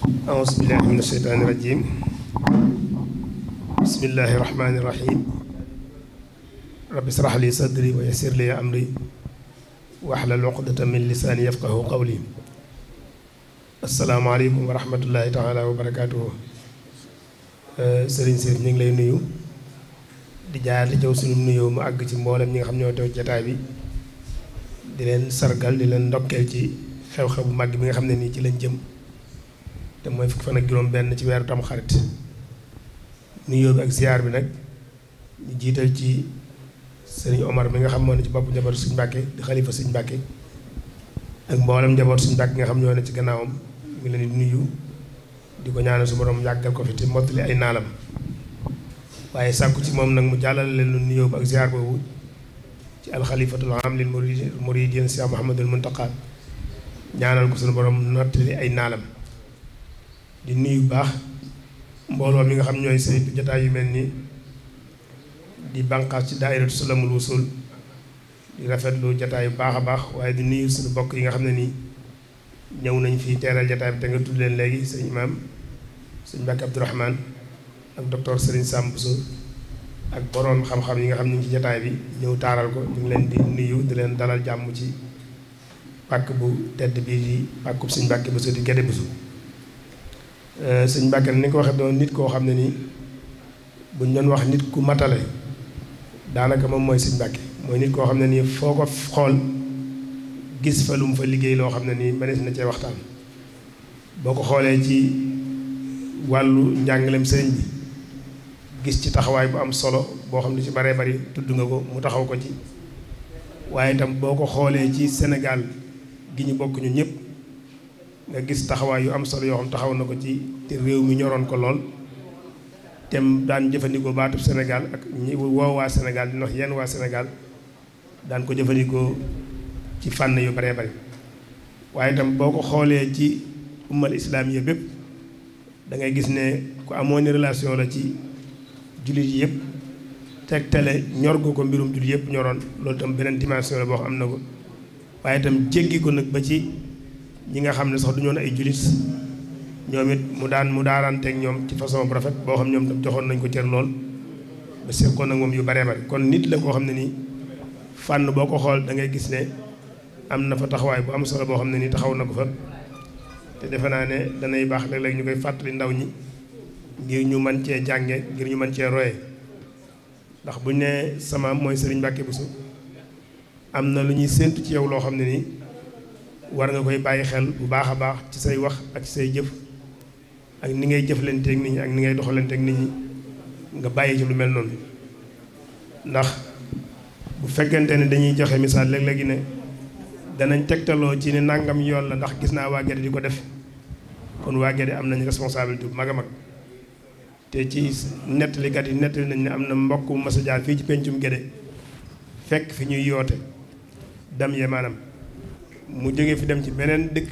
أعوذ بالله من الشيطان الرجيم بسم الله الرحمن الرحيم رب اشرح لي صدري ويسر لي أمري واحلل عقدة من لساني يفقه قولي السلام عليكم ورحمة الله تعالى وبركاته سرين سيد نيغ لاي نيو دي جار لي جو سونو نيو ما اغ سي مبولم نيغا خامنيو تو جتاي بي دي لين سارغال دي لين دوكيل سي خيو خيو ماغي ميغا خامني ني سي لين جيم te mooy fukk fan ak juróom benn ci weeru tam xarit nuyoo bi ak ziar bi nag ñu jiital ci sëriñ Omar mi nga xam moo ne ci bopp njaboot suñ Mbàkke di xalifa suñ Mbàkke ak mboolem njaboot suñ Mbàkke nga xam ñoo ne ci gannaawam mi leen di nuyu di ko ñaanal su borom yàggal ko fi te mottali ay naalam waaye sàkku ci moom nag mu jàllale leen lu nuyoo ak ziar boobu ci al am lil muridin Cheikh Mouhamadoul Mountakha ñaanal ko suñu borom nottali ay naalam di nuyu baax mbooloo mi nga xam ñooy saytu jotaay yu mel ni di bànqaas ci daayiratu Salamul Wusul di rafetlu jotaay yu baax a baax waaye di nuyu suñu bokk yi nga xam ne nii ñëw nañ fii teeral jotaay bi te nga tudd leen léegi sëñ imaam sëñ Mbàkke abdourahman ak docteur Serigne Samb ak boroom xam-xam yi nga xam ne ci jotaay bi ñëw taaral ko ñu leen di nuyu di leen dalal jàmm ci pàkk bu tedd bii di pàkkub sëñ Mbàkke Bousso di Guédé Bousso Euh, sëñ Mbàkke ni ko waxee doon nit koo xam ne nii buñ doon wax nit ku matale daanaka moom mooy sëñ Mbàkke mooy nit koo xam ne nii foo ko xool gis fa lu mu fa liggéey loo xam ne nii mënees na cee waxtaan boo ko xoolee ci wàllu njàngaleem sëriñ bi gis ci taxawaay bu am solo boo xam ne ci baree bari tudd nga ko mu taxaw ko ci waaye itam boo ko xoolee ci Sénégal gi ñu bokk ñun ñëpp nga gis taxawaay yu am solo yoo xam taxaw na ko ci te réew mi ñoroon ko lool tem daan jëfandikoo baatub senegal ak ñi woo waa Sénégal di wax yenn waa senegal daan ko jëfandikoo ci fànn yu bare bari waaye itam boo ko xoolee ci ummal islaam yi bépp dangay gis ne ku amoon relation la ci jullit yi yëpp tegtale ñor ko ko mbirum jullit yëpp ñoroon loolu itam beneen dimension la boo xam am na ko waaye itam jéggi ko nag ba ci ñi nga xam ne sax du ñoon ay jullit ñoom it mu daan mu daaraanteeg ñoom ci façon bu rafet boo xam ñoom tam joxoon nañ ko cër lool ba seqoon nag moom yu baree bari kon nit la koo xam ne nii fànn boo ko xool dangay gis ne am na fa taxawaay bu am solo boo xam ne nii taxaw na ko fa te defe naa ne danay baax léeg-léeg ñu koy fàttali ndaw ñi ngir ñu mën cee jànge ngir ñu mën cee roye ndax buñ nee samaam mooy Serigne Mbacke Bousso am na lu ñuy séentu ci loo xam ne nii war nga koy bàyyi xel bu baax a baax ci say wax ak ci say jëf ak ni ngay jëflanteeg nit ñi ak ni ngay doxalanteeg nit ñi nga bàyyi ci lu mel noonu ndax bu fekkente ne dañuy joxe misaal léeg-léegi ne danañ tegtaloo ci ne nangam yoon la ndax gis naa waa Gede di ko def kon waa Gede am nañu responsabilité bu mag a mag te ci nettalikat yi nettali nañ ne am na mbokk mu mas fii ci pencum Gede fekk fi ñuy yoote dam ye mu jóge fi dem ci beneen dëkk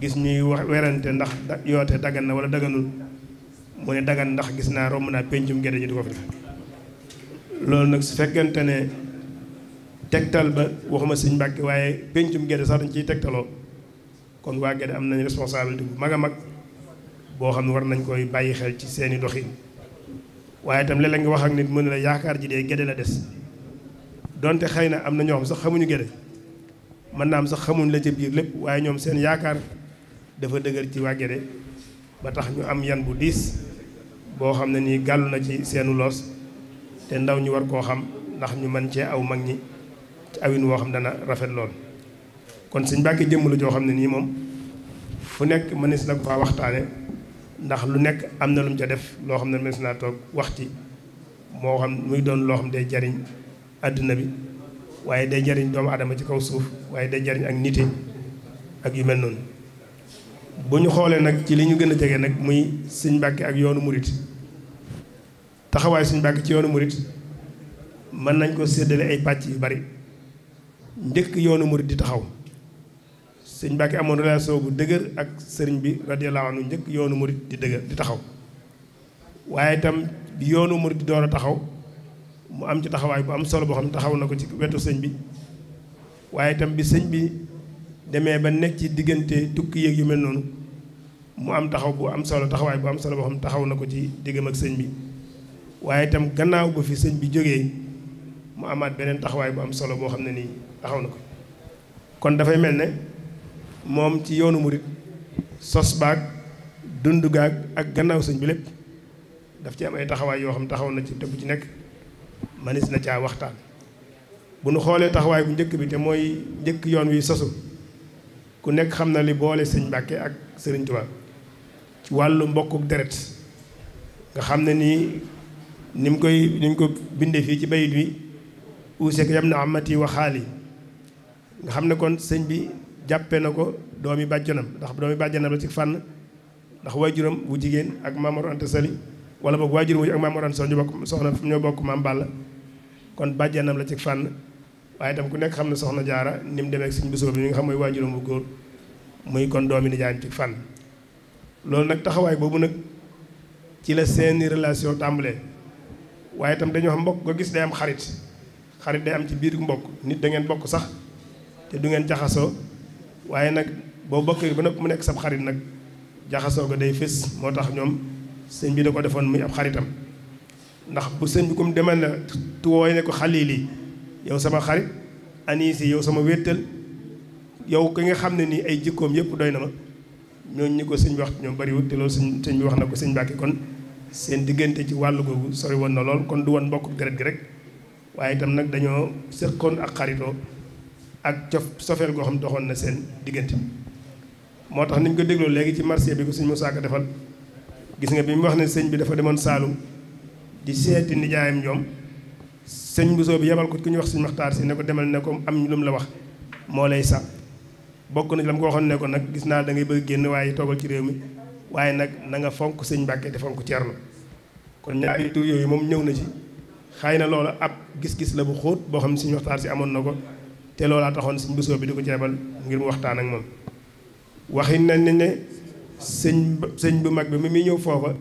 gis ñuy wax werante ndax yoote dagan na wala daganul mu ne dagan ndax gis naa romb naa pencum gerte ñu di ko fi loolu nag su fekkente ne tegtal ba waxuma sëñ Mbàkke waaye pencum gerte sax dañ ciy tegtaloo kon waa gerte am nañ responsabilité bu mag a mag boo xam ne war nañ koy bàyyi xel ci seeni doxin waaye itam léeg-léeg nga wax ak nit mu ne la yaakaar ji dee gerte la des donte xëy na am na ñoo xam sax xamuñu gerte mën naa am sax xamuñ la ci biir lépp waaye ñoom seen yaakaar dafa dëgër ci waa Guédé ba tax ñu am yan bu diis boo xam ne nii gàllu na ci seenu loos te ndaw ñu war koo xam ndax ñu mën cee aw mag ñi ci awin woo xam dana rafet kon suñ bàkki jëmm joo xam ne nii moom fu nekk mënees na ko faa waxtaane ndax lu nekk am na lu mu ca def loo xam ne mënees naa toog wax ci moo xam muy doon loo xam day jariñ àddina bi waaye day jariñ doomu adama ci kaw suuf waaye day jariñ ak nite ak yu mel noonu bu ñu xoolee nag ci li ñu gën a jege nag muy Sëñ Mbàkke ak yoonu murit taxawaay Sëñ Mbàkke ci yoonu murit mën nañ ko séddale ay pàcc yu bari njëkk yoonu murit di taxaw Sëñ Mbàkke amoon relation bu dëgër ak sëriñ bi radiyallahu anhu njëkk yoonu murit di dëgër di taxaw waaye itam yoonu murit di door a taxaw mu am ci taxawaay bu am solo boo xam ne taxaw na ko ci wetu sëñ bi waaye itam bi sëñ bi demee ba nekk ci diggante tukki yéeg yu mel noonu mu am taxaw bu am solo taxawaay bu am solo boo xam ne taxaw na ko ci diggam ak bi waaye itam gannaaw ba fi sëñ bi jógee mu amaat beneen taxawaay bu am solo boo xam ne nii taxaw na ko kon dafay mel ne moom ci yoonu murit sos baag dund gaag ak gannaaw sëñ bi lépp daf ci am ay taxawaay yoo xam taxaw na ci te ci nekk manis na caa waxtaan bu nu xoolee taxawaay bu njëkk bi te mooy njëkk yoon wi sosu ku nekk xam na li boole sëñ Mbàkke ak sëriñ Tuubaa ci wàllu mbokkuk deret nga xam ne nii ni mu koy ni mu ko bindee fii ci bayit wi uusee ko yam na amati waxaali nga xam ne kon sëñ bi jàppe na ko doomi bàjjanam ndax doomi bàjjanam la ci fànn ndax waajuram wu jigéen ak Maamor Anta wala boog waajur wu ak maam Oran soxna ñu bokk soxna ñoo bokk maam Balla kon bàjjanam la ci fànn waaye itam ku nekk xam ne soxna jaara ni mu demee ak suñ bisoo bi mi nga xam mooy waajuram bu góor muy kon doomi nijaayam ci fànn loolu nag taxawaay boobu nag ci la seeni relation tàmbalee waaye tam dañoo xam mbokk ko gis day am xarit xarit day am ci biir mbokk nit da ngeen bokk sax te du ngeen jaxasoo waaye nag boo bokkee ba nag mu nekk sab xarit nag jaxasoo ko day fés moo tax ñoom sëñ bi da ko defoon muy ab xaritam ndax bu sëñ bi comme demal na tuwooy ne ko xalili yow sama xarit anisi yow sama wéttal yow ki nga xam ne nii ay jikkoom yëpp doy na ma ñooñu ñi ko sëñ bi wax ñoom bariwul te sëñ sëñ bi wax na ko sëñ Mbàkke kon seen diggante ci wàll googu sori woon na lool kon du woon mbokk deret gi rek waaye itam nag dañoo seqoon ak xaritoo ak cof sofeel goo xam doxoon na seen diggante moo tax ni ñu ko dégloo léegi ci marché bi ko sëñ Moussa Ka defal gis nga bi mu wax ne sëñ bi dafa demoon Saalum di seeti nijaayam ñoom sëñ Bousso bi yebal ko ku ñu wax sëñ Maxtaar si ne ko demal ne ko am lu mu la wax moo lay sax bokk na ci la mu ko waxoon ne ko nag gis naa da ngay bëgg génn waaye toogal ci réew mi waaye nag na fonk sëñ Mbàkke te fonk Cerno kon ñaari tur yooyu moom ñëw na ci xëy na loolu ab gis-gis la bu xóot boo xam ne sëñ Maxtaar si amoon na ko te loolaa taxoon sëñ Bousso bi di ko jeebal ngir waxtaan ak moom ne sëñ sëñ bu mag bi mi muy ñëw foofa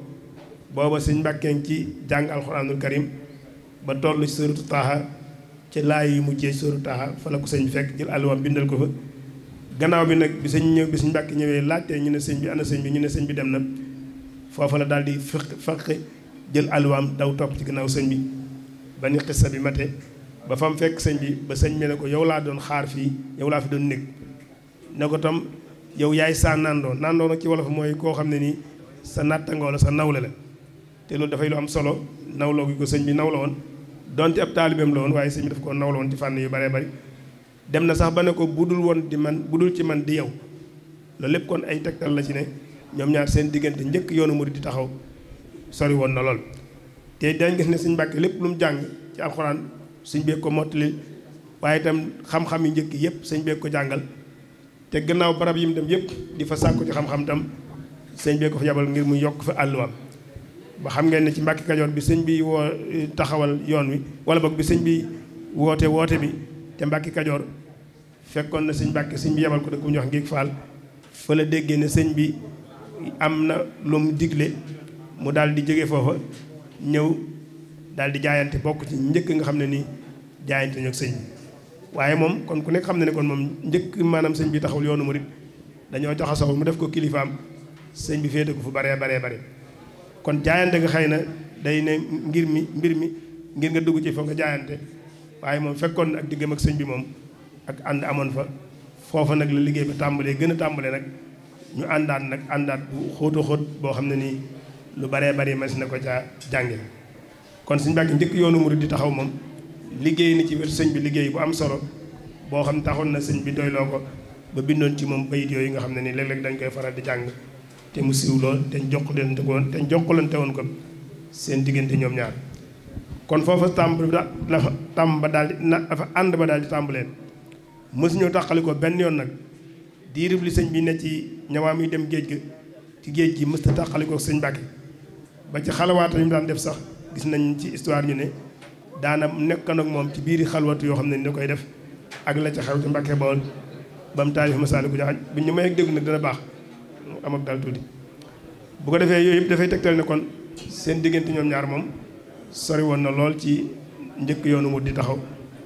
booba sëñ Mbàkke ci jàng alxuraanul karim ba toll ci sóoratu Taaha ci laay yu mujjee sóoratu Taaha fa la ko sëñ fekk jël àlluwaam bindal ko fa gannaaw bi nag bi sëñ ñëw bi ñëwee laajtee ñu ne sëñ bi ana sëñ bi ñu ne sëñ bi dem na foofa la daal di fekk fekk jël àlluwaam daw topp ci gannaaw sëñ bi ba ni xissa bi mate ba fam fekk sëñ bi ba sëñ bi ne ko yow laa doon xaar fii yow laa fi doon nekk ne ko tam yow yaay saa nandoo nandoo nag ci wolof mooy koo xam ne nii sa nattangoo la sa nawle la te loolu dafay lu am solo nawloo gi ko sëñ bi nawla woon donte ab taalibeem la woon waaye sëñ bi daf ko nawla woon ci fànn yu baree bari dem na sax ba ne ko budul woon di man dul ci man di yow loolu lépp kon ay tegtal la ci ne ñoom ñaar seen diggante njëkk yoonu mu di taxaw sori woon na lool te dañ gis ne suñ mbàkke lépp lu mu jàng ci alxuraan suñ beeg ko waaye itam xam-xam njëkk yëpp suñ beeg ko jàngal te gannaaw barab yi mu dem yëpp di fa sàkku ci xam-xam tam sëñ bee ko fa yabal ngir mu yokk fa àlluwaam ba xam ngeen ne ci Mbàkke Kajoor bi sëñ bi woo eh, taxawal yoon wi wala boog bi sëñ bi woote woote bi te mbakki Kajoor fekkoon na sëñ Mbàkke sëñ bi yabal ko dëkk bu ñuy wax Faal fa la déggee ne sëñ bi am na lu mu digle mu dal di jóge foofa ñëw daal di jaayante bokk ci njëkk nga xam ne nii jaayante ñoog sëñ bi waaye moom kon ku nekk xam na ne kon moom njëkk maanaam sëñ bi taxawul yoonu murit dañoo jaxasoo mu def ko kilifaam sëñ bi féete ko fu baree baree bare kon jaayante nga xëy na day ne ngir mi mbir mi ngir nga dugg ci fa nga jaayante waaye moom fekkoon ak diggam ak sëñ bi moom ak ànd amoon fa foofa nag la liggéey ba tàmbalee gën a tàmbalee nag ñu àndaat nag àndaat bu xóotu xóot boo xam ne nii lu baree bari mas na ko caa jànge kon suñu bàkki njëkk yoonu di taxaw moom liggéey na ci wetu sëñ bi liggéey bu am solo boo xam taxoon na sëñ bi doyloo ko ba bindoon ci moom bayit yooyu nga xam ne nii léeg-léeg dañ koy faral di jàng te mu siiw lool te jokkalante woon te jokkalante woon ko seen diggante ñoom ñaar kon foofa tàmb dafa tàmb ba daal di na dafa ànd ba daal di tàmbaleen mësuñoo taqali ko benn yoon nag diirib li sëñ bi ne ci ñawaam yi dem géej gi ci géej gi mësta taqali ko sëñ Mbàkke ba ci xalawaata yi mu daan def sax gis nañ ci histoire ñu ne daana nekkoon ak moom ci biiri xalwatu yoo xam ne ni da koy def ak la ca xew ci Mbàkke Bawol ba mu taalif Masaalikul Jinaan bu ñu may ak dégg nag dana baax am ak daal tuuti bu ko defee yooyu yëpp dafay tegtal ne kon seen diggante ñoom ñaar moom sori woon na lool ci njëkk yoonu mu di taxaw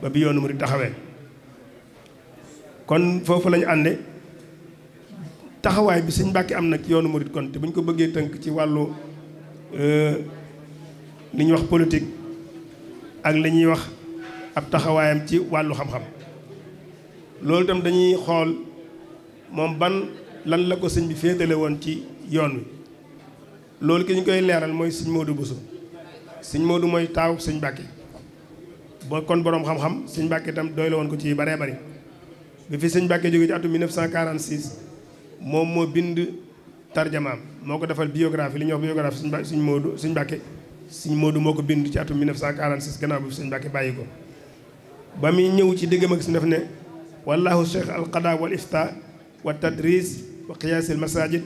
ba bi yoonu mu di taxawee kon foofu lañu ànde taxawaay bi sëñ Mbàkke am nag yoonu murit kon te bu ñu ko bëggee tënk ci wàllu euh, li ñuy wax politique ak li ñuy wax ab taxawaayam ci wàllu xam-xam loolu itam dañuy xool moom ban lan la ko sëñ bi féetale woon ci yoon wi loolu ki ñu koy leeral mooy sëñ Modou Bousso sëñ Modou mooy taaw sëñ Mbàkke ba kon boroom xam-xam sëñ Mbàkke itam doy woon ko ci bare bari bi fi sëñ Mbàkke jógee ci atum 1946 moom moo bind tarjamaam moo ko defal biographie li ñuy wax biographie sëñ Modou sëñ Mbàkke sëñ Modou moo ko bind ci atum 1946 gannaaw bi sëñ Mbàkke bàyyi ko ba muy ñëw ci diggam ak si def ne wallahu cheikh alqada wal ifta wa tadris wa qiyaas al masajid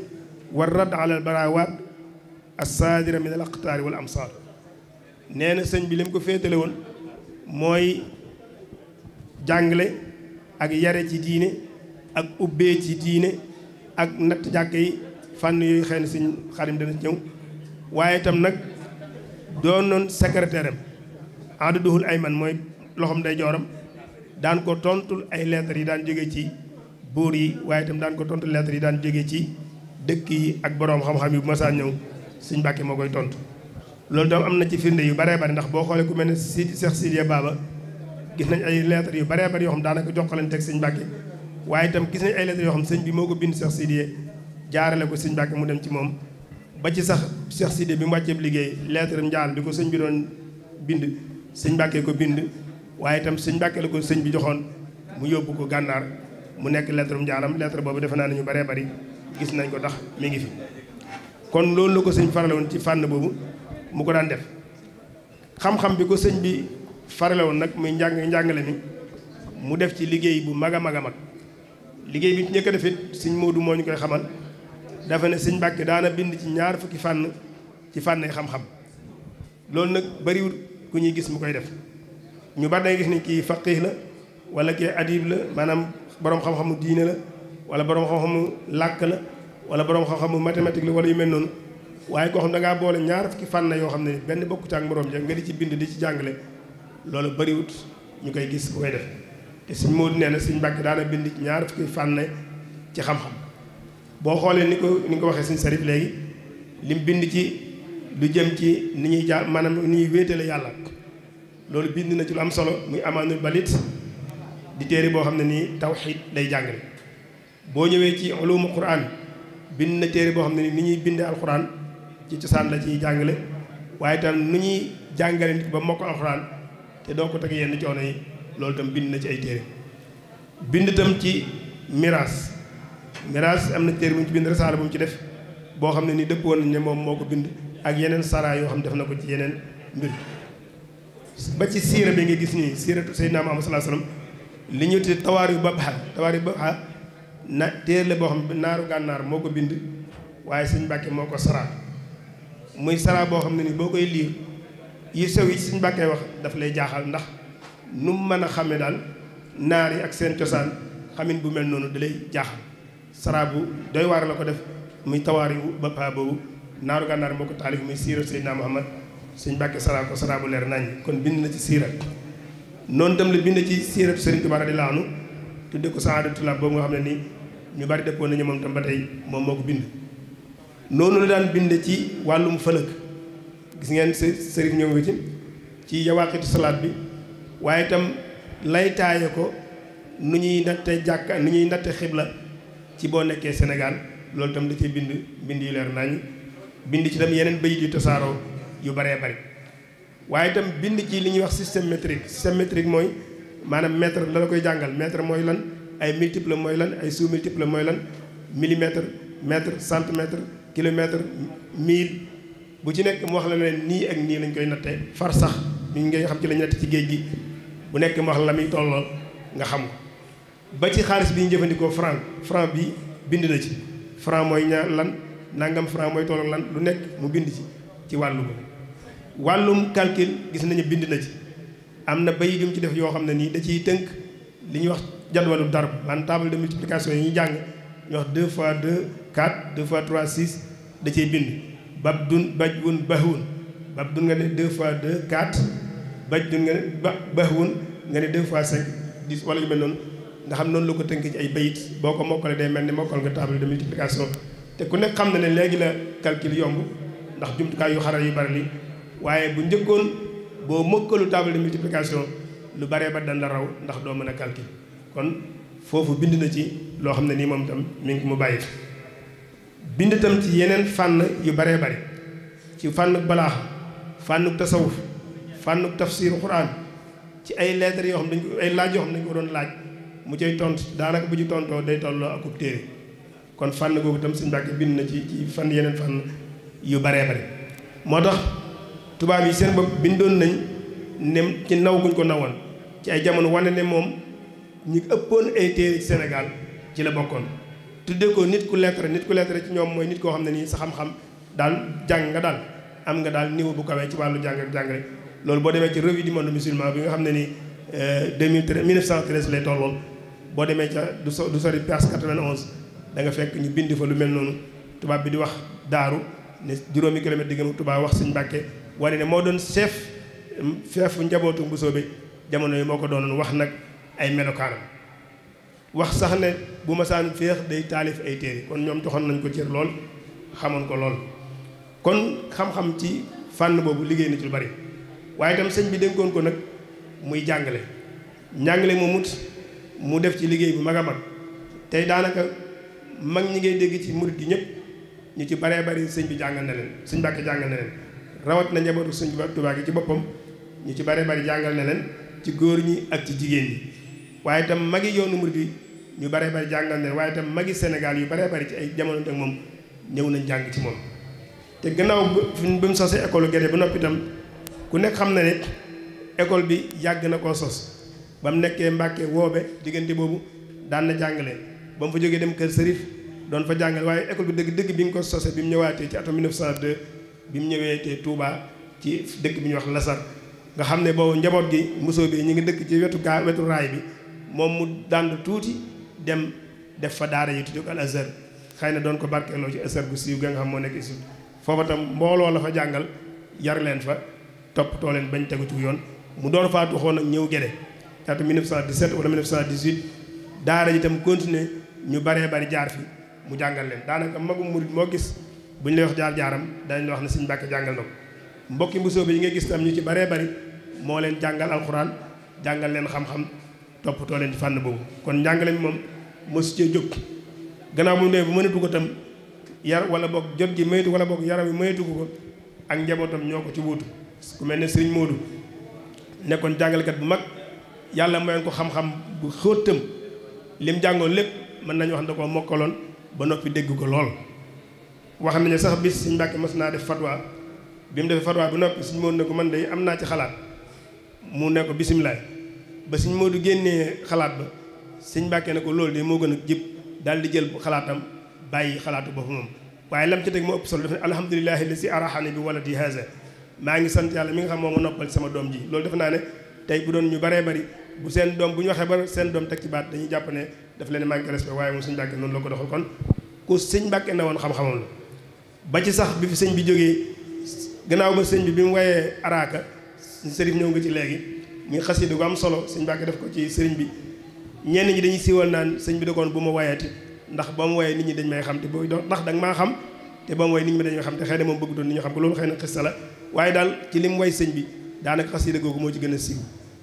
wa rad ala al barawat assaadira min al aqtaari wal amsaar nee na bi li mu ko féetale woon mooy jàngale ak yare ci diine ak ubbee ci diine ak natt jàkk yi fànn yooyu xëy na sëñ xarim dana ñëw waaye itam nag doonoon secrétaire am Aada ay man mooy loxoom day jooram daan ko tontu ay lettres yi daan jóge ci buur yi waaye itam daan ko tontul lettres yi daan jóge ci dëkk yi ak boroom xam-xam yi bu ma saa ñëw suñ Mbàkke moo koy tontu. loolu doom am na ci firnde yu baree bari ndax boo xoolee ku mel ne si Cheikh Sidiya Baba gis nañ ay lettres yu baree bari yoo xam daanaka jox ko leen teg suñ Mbàkke waaye itam gis nañ ay lettres yoo xam sëñ bi moo ko bind Cheikh Sidiya jaarale ko suñ Mbàkke mu dem ci moom. ba ci sax Cheikh Sidi bi mu wàcceeb lettre njaal bi ko sëñ bi doon bind sëñ Mbàkke ko bind waaye itam sëñ Mbàkke la ko bi joxoon mu yóbbu ko gànnaar mu nekk lettre njaalam lettre boobu defe ñu baree bari gis nañ ko ndax mi ngi fi kon loolu la farale ci mu ko def xam-xam bi ko bi farale woon nag muy njàng njàngale mu def ci bu mag a mag a mag liggéey bi njëkk defit ñu koy xamal dafa ne sëñ Mbàkke daana bind ci ñaar fukki fànn ci fànn xam-xam loolu nag bariwul ku ñuy gis mu koy def ñu bari day gis ni kii faqih la wala kii adib la maanaam borom xam mu diine la wala borom xam mu làkk la wala borom xam-xamu mathématique la wala yu mel noonu waaye koo xam da boole ñaar fukki fànn yoo xam ne benn bokkut ak morom ja nga di ci bind di ci jàngale loolu bariwut ñu koy gis ku koy def te suñ moo nee na suñ Mbàkke daana bind ci fànn ci xam boo xoolee ni ko ni nga ko waxee suñu sarif léegi lim bind ci lu jëm ci ni ñuy jaar maanaam ni ñuy wéetale yàlla loolu bind na ci lu am solo muy amaanul balit di téere boo xam ne nii tawxiid day jàngale boo ñëwee ci ulumu quran bind na téere boo xam ne nii ni ñuy bindee alquran ci cosaan la ciy jàngale waaye tam nu ñuy jàngale nit ba mokk alquran te doo ko teg yenn coono yi loolu tam bind na ci ay téere bind tam ci miraas miraas am na téere bu ñu ci bind risaala bu ci def boo xam ne ni dëppoo nañ ne moom moo ko bind ak yeneen saraa yoo xam ne daf na ko ci yeneen mbir ba ci siira bi nga gis nii siiratu Seydina Muhammad sallallahu alayhi wasallam li ñu tuddee tawaar yu babxa tawaar yu babxa na téer boo xam ne naaru gànnaar moo ko bind waaye sëñ Mbàkke moo ko saraa muy saraa boo xam ne ni boo koy liir yi sew yi sëñ Mbàkke wax daf lay jaaxal ndax nu mu mën a xame daal naar yi ak seen cosaan xamin bu mel noonu di lay jaaxal saraabu doy waar la ko def muy tawaariwu ba paa boobu naaru gànnaar moo ko taalif muy siira Seydina Muhammad suñ bàkkee saraa ko saraabu leer nañ kon bind na ci siira noonu tam la bind ci siirab Sëriñ Tuubaa radiyallaahu anhu tudde ko saada tulaab boobu nga xam ne ni ñu bari dëppoo nañu moom tam ba tey moom moo ko bind noonu la daan bind ci wàllum fëlëg gis ngeen sëriñ ñëw ngi ci ci yawaaqitu salaat bi waaye itam laytaaye ko nu ñuy natte jàkka ni ñuy natte xibla ci boo nekkee Sénégal loolu tam da cee bind bind yu leer nañ bind ci tam yeneen bayit yu tasaaroo yu baree bari waaye itam bind ci li ñuy wax système métrique système métrique mooy maanaam mètre la la koy jàngal mètre mooy lan ay multiple mooy lan ay sous multiple mooy lan millimètre mètre centimètre kilomètre mille bu ci nekk mu wax la leen nii ak nii lañ koy nattee far sax ñu ngay xam ci lañ natt ci géej gi bu nekk mu wax la muy tolloo nga xam ko ba ci xaalis bi ñu jëfandikoo franc franc bi bind na ci franc mooy ñaar lan nangam franc mooy tolloog lan lu nekk mu bind ci ci wàllu ko wàllum calcul gis nañu bind na ci am na bay mu ci def yoo xam ne nii da ciy tënk li ñuy wax jadwalu darb maanaam table de multiplication yi ñu jàng ñu wax deux fois deux quatre deux fois trois six da ciy bind ba dun baj wun bahwun ba dun nga ne deux fois deux quatre baj dun nga ne ba bahwun nga ne de fois cinq dix wala yu mel ndax xam noonu la ko tënk ci ay bayit boo ko mokkale day mel ni mokkal nga table de multiplication te ku nekk xam na ne léegi la calcul yomb ndax jumtukaay yu xaral yu bari li waaye bu njëkkoon boo mokkalu table de multiplication lu baree ba dan la raw ndax doo mën a calcul kon foofu bind na ci loo xam ne nii moom itam mi ngi mu bàyyi bind tam ci yeneen fànn yu baree bari ci fànnuk balaax fànnuk tasawuf fànnuk tafsir quran ci ay lettres yoo xam dañ ay laaj yoo xam dañ ko doon laaj mu cay tontu daanaka bu ci tontoo day tolloo akub téere kon fànn googu itam si Mbàkke bind na ci ci fànn yeneen fànn yu baree bare moo tax tubaab yi seen bopp bindoon nañ ne ci naw guñ ko nawoon ci ay jamono wane ne moom ñu ëppoon ay téere ci Sénégal ci la bokkoon tuddee ko nit ku lettre nit ku lettre ci ñoom mooy nit koo xam ne nii sa xam-xam daal jàng nga daal am nga daal niveau bu kawee ci wàllu jàng jàng rek loolu boo demee ci revue du monde bi nga xam ne nii 2013 euh, 1913 lay tolloon boo demee ca du so du sori page 91 da nga fekk ñu bind fa lu mel noonu tubaab bi di wax daaru ne juróomi kilomètre diggam tubaab wax sëñ Mbàkke wane ne moo doon chef feefu njabootu Mbusoo bi jamono yi moo ko doonoon wax nag ay melokaanam wax sax ne bu masaan féex day taalif ay téere kon ñoom joxoon nañ ko cër lool xamoon ko lool kon xam-xam ci fànn boobu liggéey na ci lu bari waaye itam sëñ bi dénkoon ko nag muy jàngale njàngale mut mu def ci liggéey bu mag a mag tey daanaka mag ñi ngay dégg ci murit gi ñëpp ñu ci baree bari sëñ bi jàngal na leen sëñ Mbàkke jàngal na leen rawat na njabootu sëñ Tuubaa gi ci boppam ñu ci baree bari jàngal na leen ci góor ñi ak ci jigéen ñi waaye itam magi yoonu murit yi ñu baree bari jàngal na leen waaye itam magi Sénégal yu baree bari ci ay jamono ak moom ñëw nañ jàng ci moom te gannaaw ba mu sosee école Gede ba noppi itam ku nekk xam na ne école bi yàgg na koo sos ba mu nekkee Mbàkke woobe diggante boobu daan na jàngale ba mu fa jógee dem kër Sërif doon fa jàngal waaye école bi dëgg dëgg bi nga ko sose bi mu ñëwaatee ci atum 1902 bi mu ñëwee te Touba ci dëkk bi ñuy wax Lasar nga xam ne boobu njaboot gi mosoo bi ñu ngi dëkk ci wetu gaa wetu raay bi moom mu dànd tuuti dem def fa daara yi tudd al Azhar xëy na doon ko barkeeloo ci Azhar gu siiw ga nga xam moo nekk si foofa tam mbooloo la fa jàngal yar leen fa toppatoo leen bañ tegu ci yoon mu door xoon nag ñëw gede daata 1917 wala 1918 daara ji tam continuer ñu baree bari jaar fi mu jàngal leen daanaka magum murit moo gis bu ñu lay wax jaar-jaaram dañ la wax ne Sëñ Mbàkke jàngal na ko mbokki mbusoo bi yi nga gis tam ñu ci baree bari moo leen jàngal alxuraan jàngal leen xam-xam toppatoo leen ci fànn boobu kon njàngale mi moom mosu cee jóg gannaaw mu ne bu mënatu ko tam yar wala boog jot gi maytu wala boog yaram yi maytu ko ak njabootam ñoo ci wuutu ku mel ne Sëriñ Moodu nekkoon jàngalekat bu mag yàlla mayoon ko xam-xam bu xóotam lim jàngoon lépp mën nañu wax ne da mokkaloon ba noppi dégg ko lool. wax nañu sax bis suñ mbàkke mas naa def fatwa bi mu defee fatwa bi noppi suñ Moodu ne ko man de am naa ci xalaat mu ne ko bisimilah ba suñ Moodu génnee xalaat ba suñ mbàkke ne ko loolu de moo gën a jib daal di jël xalaatam bàyyi xalaatu boppam waaye lam ci teg moo ëpp solo def ne alhamdulilahi la si araxani bi waladi haza maa ngi sant yàlla mi nga xam moo ma noppal sama doom ji loolu def naa ne. tey bu doon ñu baree bari bu seen doom bu ñu waxee ba seen doom teg ci baat dañuy jàpp ne daf leen manqué respect waaye moom sëñ bàkkee noonu la ko doxal kon ku sëñ Mbàkke na woon xam-xamam la ba ci sax bi fi sëñ bi jógee gannaaw ma sëñ bi bi mu wayee araaka sëriñ ñëw nga ci léegi muy xasida gu am solo sëñ Mbàkke def ko ci sëriñ bi ñenn ñi dañuy siiwal naan sëñ bi dakoon bu ma wayati ndax ba mu wayee nit ñi dañ may xam te booy doon ndax danga maa xam te ba mu wayee nit ñi dañ may xam te xëy na moom bëgg doon nit ñu xam ko loolu na xista la waaye daal ci mu way sëñ bi daanaka xasida googu moo ci gën a siiw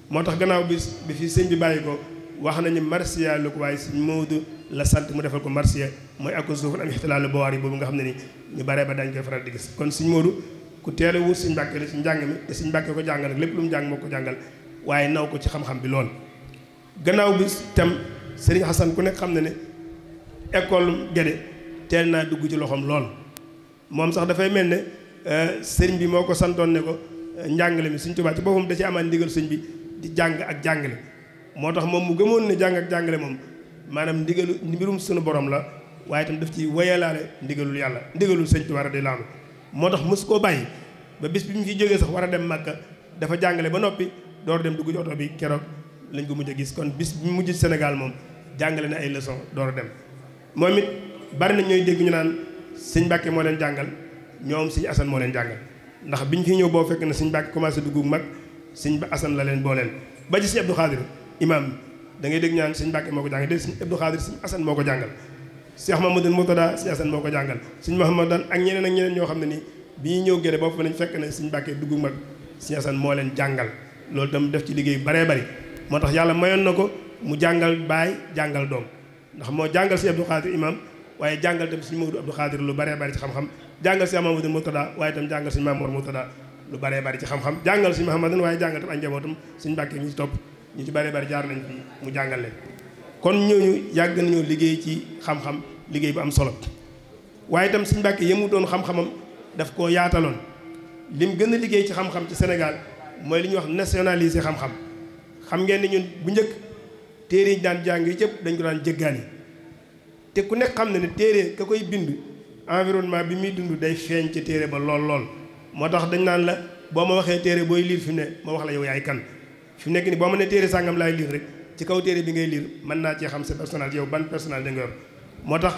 moo tax gannaaw bi bi fi sëñ bi bàyyi ko wax nañu marsiya lu ko waaye sëñ Moodu la sant mu defal ko marsiya mooy ak suuful am ixtilaalu boobu nga xam ne ni ñu baree ba dañ koy faral di gis kon sëñ Moodu ku teel a wut sëñ Mbàkke la ci njàng mi ko jàngal lépp lu mu jàng moo ko jàngal waaye naw ko ci xam-xam bi lool gannaaw bi tam sëriñ Xasan ku nekk xam ne ne école Guédé teel naa dugg ci loxoom lool moom sax dafay mel ne euh, sëriñ bi moo ko santoon ne ko euh, njàngale mi sëñ Tuubaa ci boppam da ci amaan ndigal sëñ bi di jàng ak jàngale moo tax moom mu gëmoon ne jàng ak jàngale moom maanaam ndigalu mbirum sunu boroom la waaye tam daf ci wayalaale ndigalul yàlla ndigalul sëñ Tuubaa di laanu moo tax mës koo bàyyi ba bis bi mu fi jógee sax war a dem Màkka dafa jàngale ba noppi door dem duggu ci oto bi keroog lañ ko mujj a gis kon bis bu mujj Sénégal moom jàngale na ay leçon door a dem moom it bari na ñooy dégg ñu naan sëñ Mbàkke moo leen jàngal ñoom sëñ Asan moo leen jàngal ndax biñ fi ñëw boo fekk na sëñ Mbàkke commencé dugg mag sëñ ba Assane la leen booleel ba ci sëñ Abdou Khadir imaam da ngay dégg ñaan sëñ Mbàkke moo ko jàngal dégg sëñ Abdou Khadir sëñ Assane moo ko jàngal Cheikh Mamadou Moutada sëñ Assane moo ko jàngal sëñ Mahamadan ak ñeneen ak ñeneen ñoo xam ne nii bi ñuy ñëw gëne boobu nañ fekk ne sëñ Mbàkke dugg mag sëñ Assane moo leen jàngal loolu tam def ci liggéey baree bari moo tax yàlla mayoon na ko mu jàngal baay jàngal doom ndax moo jàngal sëñ Abdou Khadir imaam waaye jàngal tam sëñ Mamadou Abdou Khadir lu baree bari ci xam-xam jàngal sëñ Mamadou Moutada waaye tam jàngal sëñ Mamour Moutada lu baree bari ci xam-xam jàngal suñu Muhammadan waaye jàngal tam ak njabootam suñu Mbàkke ñu ci topp ñu ci bare bari jaar nañ fi mu jàngal leen kon ñooñu yàgg nañoo liggéey ci xam-xam liggéey bu am solo waaye itam suñu Mbàkke yemu doon xam-xamam daf koo yaataloon lim gën a liggéey ci xam-xam ci Sénégal mooy li ñuy wax nationaliser xam-xam xam ngeen ni bu njëkk téere yi daan jàng yi cëpp dañ ko daan jëggaani te ku nekk xam na ne téere ka koy bind environnement bi muy dund day feeñ ci téere ba lool lool moo tax dañ naan la boo ma waxee téere booy liir fi mu ne ma wax la yow yaay kan fi nekk nii boo ma ne téere sàngam laay liir rek ci kaw téere bi ngay liir mën naa cee xam sa personnalité yow ban personnalité nga yor moo tax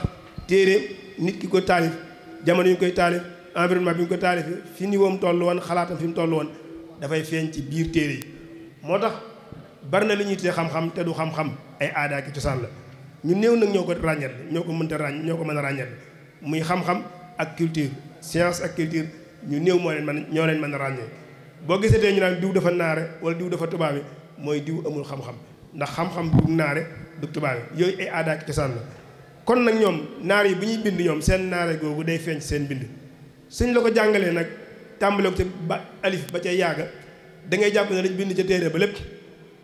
téere nit ki ko taalif jamono yi koy taalif environnement bi ko taalif fi ni woom toll woon xalaatam fi mu toll woon dafay feeñ ci biir téere yi moo tax bari na li ñuy tee xam-xam te du xam-xam ay aada ki cosaan la ñu néew nag ñoo ko ràññat ñoo ko mënta ràññ ñoo ko mën a ràññat muy xam ak culture science ak culture ñu néew moo leen man ñoo leen mën a ràññee boo gisee tey ñu naan diw dafa naare wala diw dafa tubaabe mooy diw amul xam-xam ndax xam-xam du naare du tubaabe yooyu ay aada ak cosaan la kon nag ñoom naar yi bi ñuy bind ñoom seen naare googu day feeñ seen bind suñ la ko jàngalee nag tàmbale ko ca ba alif ba ca yàgg dangay jàpp ne dañ bind ca téere ba lépp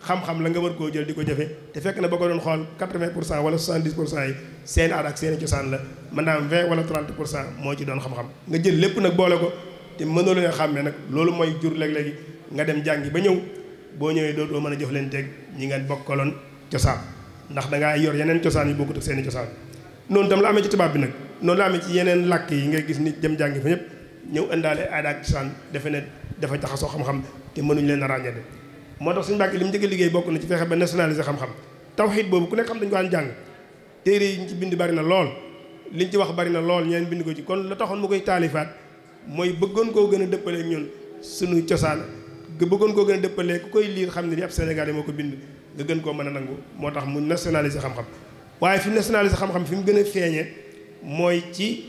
xam-xam la nga war koo jël di ko jëfe te fekk na ba ko doon xool 80 pour cent wala 70 pour cent yi seen aada ak seen cosaan la mën naa am 20 wala 30 pour cent moo ci doon xam-xam nga jël lépp nag boole ko te mënoo leen xàmmee nag loolu mooy jur léeg-léegi nga dem jàngi ba ñëw boo ñëwee dootoo mën a jëflanteeg ñi nga bokkaloon cosaan ndax da ngaa yor yeneen cosaan yi bokkut ak seen cosaan noonu tam la amee ci tubaab bi nag noonu la amee ci yeneen làkk yi ngay gis nit dem jàngi fa ñëpp ñëw indaale aada ak cosaan defe ne dafa jaxasoo xam-xam te mënuñ leen a ràññee moo tax suñ Mbàkke li mu njëkk liggéey bokk na ci fexe ba nationaliser xam-xam tawxiid boobu ku nekk xam dañu ko daan jàng téere yi ñu ci bind bari na lool liñ ci wax bari na lool ñeen bind ko ci kon la taxoon mu koy taalifaat mooy bëggoon koo gën a dëppale ñun suñu cosaan bëggoon koo gën dëppalee ku koy liir xam ne li ab Sénégal yi moo ko bind nga gën koo mën a nangu moo tax mu nationaliser xam-xam waaye fi nationaliser xam-xam fi mu gën a feeñe mooy ci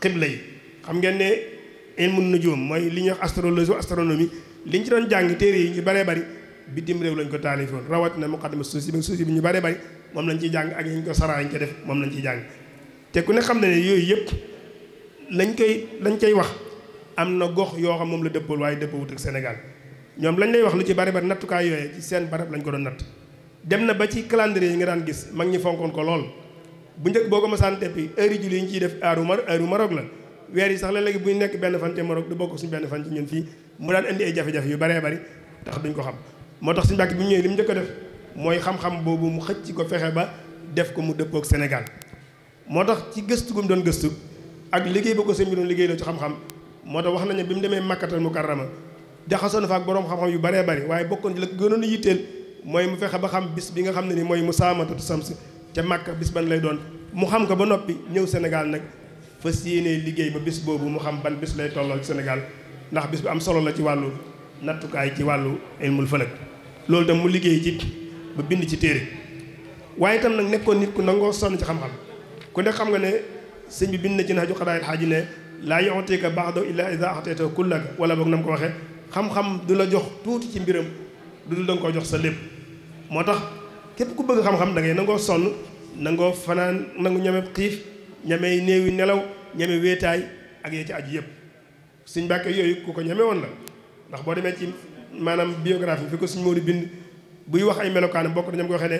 xibla yi xam ngeen ne ilmu nujum mooy li ñuy wax astrologie astronomie liñ ci doon jàng téere yi ñu bare bari bitim réew lañ ko taalifoon rawatina muqaddima suusi bi suusi bi ñu baree bari moom lañ ciy jàng ak ñu ko saraa ñu ko def moom lañ ciy jàng te ku ne xam ne ne yooyu yëpp lañ koy lañ koy wax am na gox yoo xam moom la dëppool waaye dëppawut ak senegal ñoom lañ lay wax lu ci bari bari nattukaay yooyee ci seen barab lañ ko doon natt dem na ba ci calendrier yi nga daan gis mag ñi fonkoon ko lool bu njëkk boo ko ma teppi heure yi julli yi ñu ciy def heure u Maroc la weer sax la léegi bu ñu nekk benn fan te Maroc du bokk suñu benn fan ci ñun fii mu dal indi ay jafe-jafe yu baree bari tax duñ ko xam motax señ suñu bu ñëw lim ñëwee def moy xam-xam bobu mu xëc ci ko fexe ba def ko mu deppok Sénégal motax ci gëstu gum doon gëstu ak liggéey ba ko sëñ bi doon liggéey la ci xam-xam motax wax nañu bimu démé makkata Makkatal Mukarrama jaxasoo fa ak borom xam-xam yu baree bari waye bokkon ci la gënon a moy mu fexe ba xam bis bi nga xam ni moy musamatu samsi sams ca Makka bis ban lay doon mu xam ko ba noppi ñëw Sénégal nak fas yéenee liggéey ba bis bobu mu xam ban bis lay tollal Sénégal ndax bis bu am solo la ci wàllu nattukaay ci wàllu ilmul falak loolu tam mu liggéey ci ba bind ci téere waaye tam nag nekkoon nit ku nangoo sonn ci xam-xam ku nekk xam nga ne sëñ bi bind na ci naaju xadaayil xaaji ne laa yoxoteeka baax doo illaa iza axteeta kullaka wala boog na mu ko waxee xam-xam du la jox tuuti ci mbiram du dul da nga koo jox sa lépp moo tax képp ku bëgg xam-xam da nangoo sonn nangoo fanaan nangu ñame xiif ñame néewi nelaw ñame wéetaay ak yee ci aju yëpp suñ Mbàkke yooyu ku ko ñeme woon la ndax boo demee ci maanaam biographie fi ko suñ Moodu bind buy wax ay melokaanam bokk dañu ko waxee ne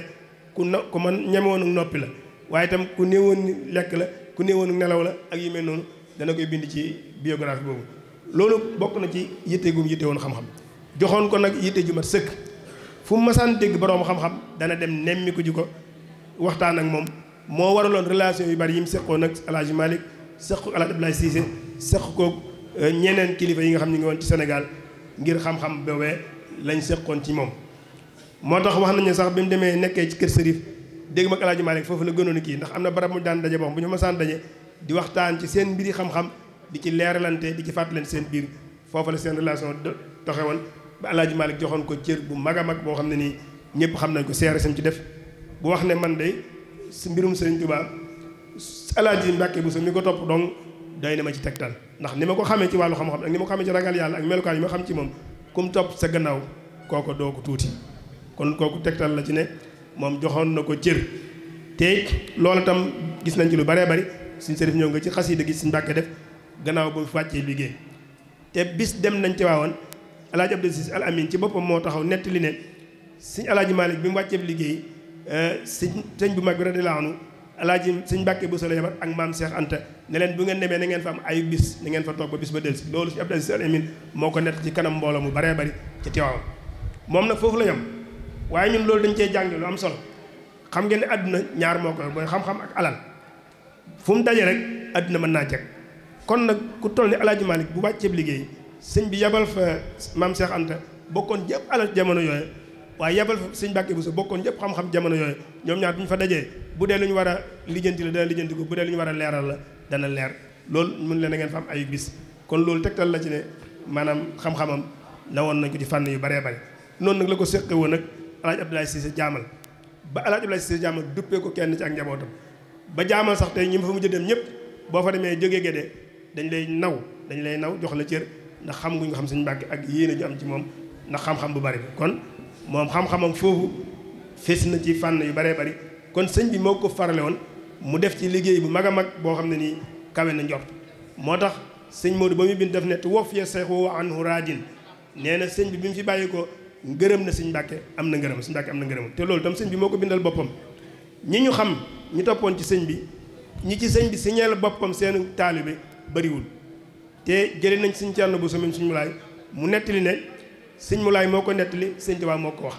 ku na ku man ñeme noppi la waaye tam ku néewoon lekk la ku néewoon nelaw la ak yu mel noonu dana koy bind ci biographie boobu loolu bokk na ci yitte gum yitte woon xam-xam joxoon ko nag yitte ju mat sëkk fu mu masaan dégg boroom xam-xam dana dem nemmi ko ji ko waxtaan ak moom moo waraloon relation yi bari yi mu seqoon ak El Hadj Malick seq ko El seq koog Euh, ñeneen kilifa yi nga xam ne ñu ngi woon ci Sénégal ngir xam-xam boobee lañ seqoon ci moom. moo tax wax nañu sax bi mu demee nekkee ci kër Serif dégg ma El Hadj Malick foofu la gënoon kii ndax am na barab mu daan daje boo xam bu ñu mësaan daje di waxtaan ci seen mbiri xam di ci leeralante di ci fàttalante seen biir foofu la seen relation doxewoon ba El Hadj joxoon ko cër bu mag a mag boo xam ne nii ñëpp xam nañ ko seere sam ci def bu wax ne man de si mbirum Serigne Touba El Hadj Mbacke Bousso mi ko topp donc doy na ma ci tegtal. ndax ni ma ko xamee ci wàllu xam-xam ak ni ma ko xamee ci ragal yàlla ak melukaan yi ma xam ci moom ku mu topp sa gannaaw kooko doo ko tuuti kon kooku tegtal la ci ne moom joxoon na ko cër te loolu itam gis nañ ci lu baree bari suñ sërif ñëw nga ci xasida gis suñ mbàkke def gannaaw ba mu fàccee liggéey te bis dem nañ ci waawoon alaaji abdul sis al amin ci boppam moo taxaw nett li ne si alaaji malik bi mu wàccee liggéey eh, si sëñ bu mag bi radiyallaahu anhu alaaji sëñ Mbàkke bu solo yabat ak maam Cheikh Anta ne leen bu ngeen demee na fa am ay bis na ngeen fa toog ba bis ba dellusi loolu si Abdou Aziz Al Amine moo ko nett ci kanam mbooloo mu baree bari ci Tiwaawan moom nag foofu la yam waaye ñun loolu dañ cee jàng lu am solo xam ngeen ne àdduna ñaar moo ko mooy xam-xam ak alal fu mu daje rek àdduna mën naa jeg kon nag ku toll ni alaaji Malick bu wàcceeb liggéey sëñ bi yabal fa maam Cheikh Anta bokkoon jëpp alal jamono yooyu waaye yebal sëñ Mbàkke Buso bokkoon ñëpp xam-xam jamono yooyu ñoom ñaar bu ñu fa dajee bu dee lu ñu war a lijjanti la dana lijjanti ko bu dee lu ñu war a leeral la dana leer loolu mun leen na ngeen fa am ay bis kon loolu tegtal la ci ne maanaam xam-xamam la woon nañ ko ci fànn yu baree bare noonu nag la ko séqe woon nag alaaj Abdoulaye Cissé jaamal ba alaaj Abdoulaye Cissé jaamal duppee ko kenn ci ak njabootam ba jaamal sax tey ñi ma fa mujj dem ñëpp boo fa demee jógee gédee dañ lay naw dañ lay naw jox la cër ndax xam gu xam sëñ Mbàkke ak yéene ju am ci moom ndax xam bu bari kon moom xam-xamam foofu fees na ci fànn yu baree bari kon sëñ bi moo ko farale woon mu def ci liggéey bu mag a mag boo xam ne nii kawe na njort moo tax sëñ Modou ba muy bind def ne te woo fii seexu wa anhu raadin nee na sëñ bi bi mu fi bàyyi ko ngërëm na sëñ Mbàkke am na ngërëm sëñ Mbàkke am na ngërëm te loolu tam sëñ bi moo ko bindal boppam ñi ñu xam ñi toppoon ci sëñ bi ñi ci sëñ bi siñeel boppam seenu taalibe bëriwul te jëlee nañ sëñ Cerno bu somin suñu laay mu nettali ne sëñ Mulaay moo ko nettali sëñ Tuubaa moo ko wax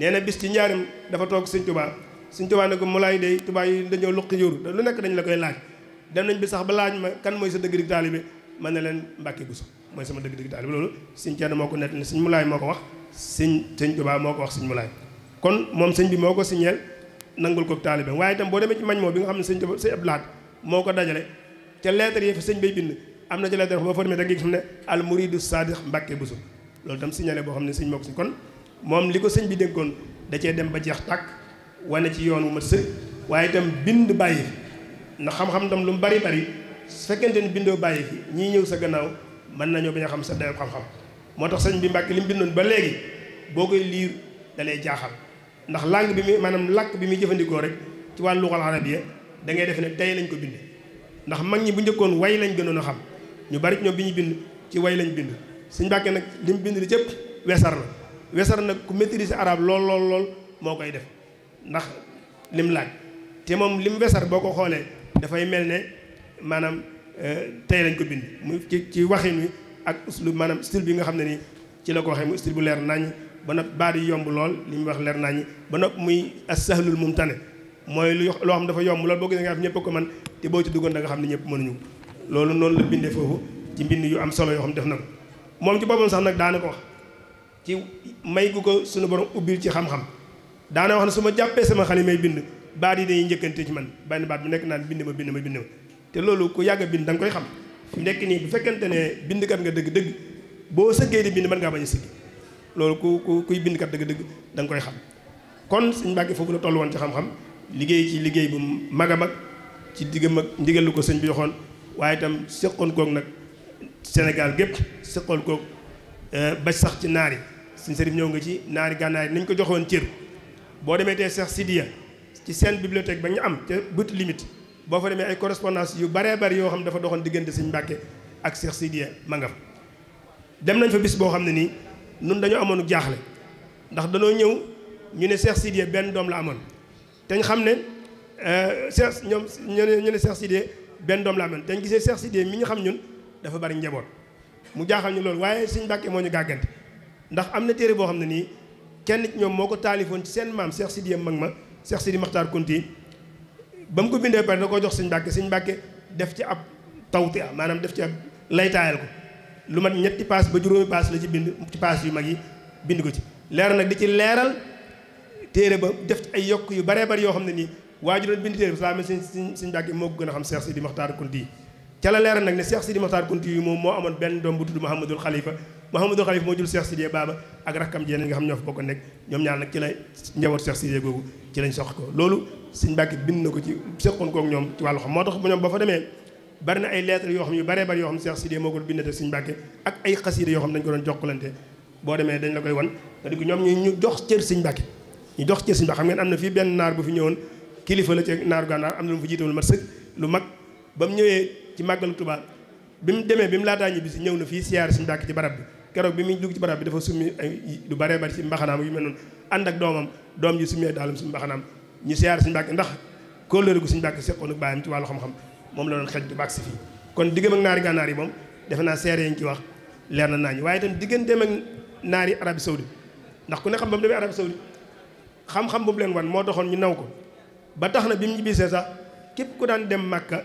nee na bis ci njaarim dafa toog sëñ tubaa sëñ Tuubaa ne ko Mulaay day Tuubaa yi dañoo luqi jur lu nekk dañ la koy laaj dem nañ bi sax ba laaj ma kan mooy sa dëgg-dëgg taalibe man ne leen Mbàkke Buso mooy sama dëgg-dëgg taalibe loolu sëñ Ceerno moo ko nettali sëñ Mulaay moo ko wax sëñ sëñ tubaa moo ko wax sëñ Mulaay kon moom sëñ bi moo ko siñeel nangul ko taalibe waaye itam boo demee ci mañ moo bi nga xam ne sëñ Tuubaa sëñ Abdu Lahat moo ko sëñ bay bind am na ci lettre boo fa demee da ngay gis ne al muridu loolu itam signalé boo xam ne sëñ moo ko si kon moom li ko sëñ bi dénkoon da cee dem ba jeex tàkk wane ci yoon wu mat sëg waaye itam bind bàyyi ndax xam-xam itam lu mu bari bari su fekkente bindoo bàyyi fi ñii ñëw sa gannaaw mën nañoo bañ a xam sa dayoo xam-xam moo tax sëñ bi Mbàkke li mu bindoon ba léegi boo koy liir dalay jaaxal ndax langue bi muy maanaam làkk bi muy jëfandikoo rek ci wàllu luxal arabiya da ngay defe ne tey lañ ko bind ndax mag ñi bu njëkkoon way lañ gënoon a xam ñu bari ñoom bi ñu bind ci way lañ bind suñ Mbàkke nag li mu bind li cëpp wesar la wesar nag ku maîtriser arabe lool lool lool moo koy def ndax lim laaj te moom lim wesar boo ko xoolee dafay mel ne maanaam euh, tey lañ ko bind mu ci ci waxin wi ak uslub maanaam style bi nga xam ne nii ci la ko waxee mu bu leer naññ ba nopp baat yi yomb lool li muy wax leer naññ ba nopp muy as-sahlul mumtane mooy lu loo xam dafa yomb lool boo gisee nga xam man te boo ci duggoon da nga xam ne ñëpp mënuñu loolu noonu la bindee foofu ci mbind yu am solo yoo xam def na ko moom ci boppam sax nag daane ko wax ci may gu ko suñu borom ubbil ci xam-xam daana wax ne su ma jàppee sama xale bind baat yi dañuy njëkkante ci man benn baat bu nekk naan bind ma bind ma bind ma te loolu ku yàgg a bind da nga koy xam nekk nii bu ne bindkat nga dëgg-dëgg boo sëggee di bind mën ngaa bañ a sëgg loolu ku ku kuy bindkat dëgg-dëgg da nga koy xam kon suñ mbàkke foofu la toll woon ci xam-xam liggéey ci liggéey bu mag a mag ci diggam mag ndigal ko sëñ bi joxoon waaye itam seqoon koog nag Sénégal gépp sëqal ko euh, ba sax ci naar yi suñ sëriñ ñëw nga ci naari gànnaar yi nañ ko joxoon cër boo demee tey Cheikh Sidiya ci seen bibliothèque ba ñu am ca but limite boo fa demee ay correspondance yu baree bari yoo xam ne dafa doxoon diggante Sëñ Mbàkke ak Cheikh Sidiya ma nga fa dem nañ fa bis boo xam ne nii nun dañoo amoon jaaxle ndax danoo ñëw ñu ne Cheikh Sidiya benn doom la amoon te ñu xam ne euh, Cheikh ñoom ñu ne Cheikh Sidiya benn doom la amoon te ñu gisee Cheikh Sidiya mi ñu xam ñun dafa bari njaboot mu jaaxal ñu loolu waaye sëñ Mbàkke moo ñu gàggante ndax am na téere boo xam ne nii kenn ñoom moo ko taalifoon ci seen maam Cheikh Sidiya mag ma Cheikh Sidi Makhtar Kunti ba mu ko bindee pare da koo jox sëñ Mbàkke sëñ Mbàkke def ci ab tawti maanaam def ci ab laytaayal ko lu mat ñetti paas ba juróomi paas la ci bind ci yu mag yi bind ko ci leeral nag di ci leeral téere ba def ay yokk yu baree bari yoo xam ne nii waajuroon bind téere bi saa mel sëñ sëñ Mbàkke moo ko gën a xam Cheikh Sidi Makhtar Kunti ca la leeral nag ne Cheikh Sidi Mokhtar Kounti yu moom moo amoon benn doom bu tudd Mahamadul Khalifa Mahamadul moo jul Cheikh Sidie Baba ak rakkam jeneen nga xam ñoo fa bokk nekk ñoom bind na ko ci seqoon koog ñoom ci wàllu xam moo tax bu ñoom demee bari na ay lettres yoo xam yu yoo xam Cheikh Sidie ko bindate sëñ Mbàkke ak boo demee dañ la koy wan nga ñu jox cër sëñ Mbàkke ñu jox cër sëñ Mbàkke xam ngeen am na fii benn naar bu fi ñëwoon kilifa la ci naaru gànnaar am na lu mu fa jiitamul mat sëkk lu mag ba mu ñëwee ci màggalu Tuubaa bi mu demee bi mu laataa ñibbi si ñëw na fii siyaar suñu bàkk ci barab bi keroog bi muy dugg ci barab bi dafa summi ay lu baree bari si mbaxanaam yu mel noonu ànd ak doomam doom ji summee daalum si mbaxanaam ñu siyaar suñu bàkk ndax kóllëre gu suñu bàkk seqoon ak bàyyam ci wàllu xam-xam moom la doon xel di si fii kon diggam ak naari gànnaar yi moom defe naa seere yi ñu ci wax leer na naa ñu waaye itam digganteem ak naari Arabie Saoudite ndax ku ne xam ba mu demee Arabie Saoudite xam-xam bu mu wan moo taxoon ñu naw ko ba képp ku daan dem Màkka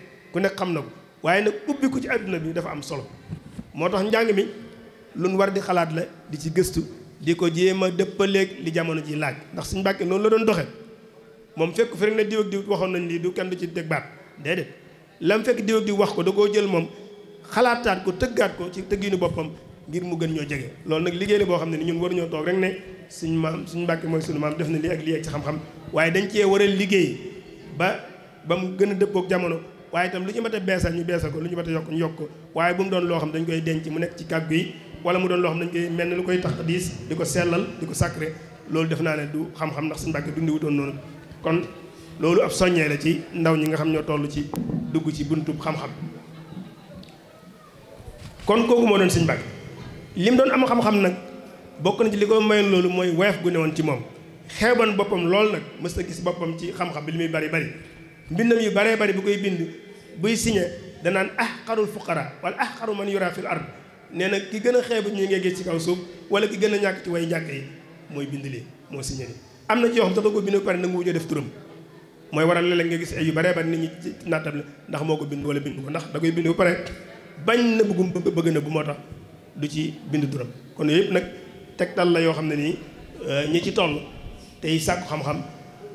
ku nekk xam na ko waaye nag ubbi ko ci àdduna bi dafa am solo moo tax njàng mi luñ war di xalaat la di ci gëstu di ko jéem a dëppaleeg li jamono ji laaj ndax suñu mbàkke loolu la doon doxe moom fekk fi rek ne diw ak waxoon nañ lii du kenn du ci teg baat déedéet lam fekk diw ak wax ko da koo jël moom xalaataat ko tëggaat ko ci tëgginu boppam ngir mu gën ñoo jege loolu nag liggéey la boo xam ne ni ñun ñoo toog rek ne suñ maam suñ mbàkke mooy suñu maam def na lii ci xam-xam dañ cee war liggéey ba ba mu gën a dëppoog jamono waaye itam lu ñu mat a beesal ñu beesal ko lu ñu mat a yokk ñu yokk waaye bu mu doon loo xam dañ koy denc mu nekk ci kàggu yi wala mu doon loo xam dañ koy mel ne lu koy tax diis di ko sellal di ko sacré loolu def naa ne du xam-xam ndax suñu mbàkke dundi wutoon noonu kon loolu ab soññee la ci ndaw ñi nga xam ñoo tollu ci dugg ci buntub xam-xam kon kooku moo doon suñu mbàkke lim doon am xam-xam nag bokk na ci li ko mayoon loolu mooy woyof gu woon ci moom xeeban boppam lool nag mës a gis boppam ci xam bi li muy bari bari mbindam yu baree bari bu koy bind buy signé danaan ah ahqarul fuqara wala ahqaru man yura fil ard nee nag ki gën a xeebu ñu ngee gis ci kaw suuf wala ki gën a ñàkk ci way jàkk yi mooy bind lii moo signé lii am na ci yoo xam sax ko bind pare nangu wujjoo def turam mooy waral léeg nga gis ay yu baree bari nit ñi ndax moo ko bind wala bind ko ndax da koy bind ba pare bañ na bëggum bëgg na bu moo tax du ci bind turam kon yooyu yëpp nag tegtal la yoo xam ne nii euh, ñi ci toll tey sàkku xam-xam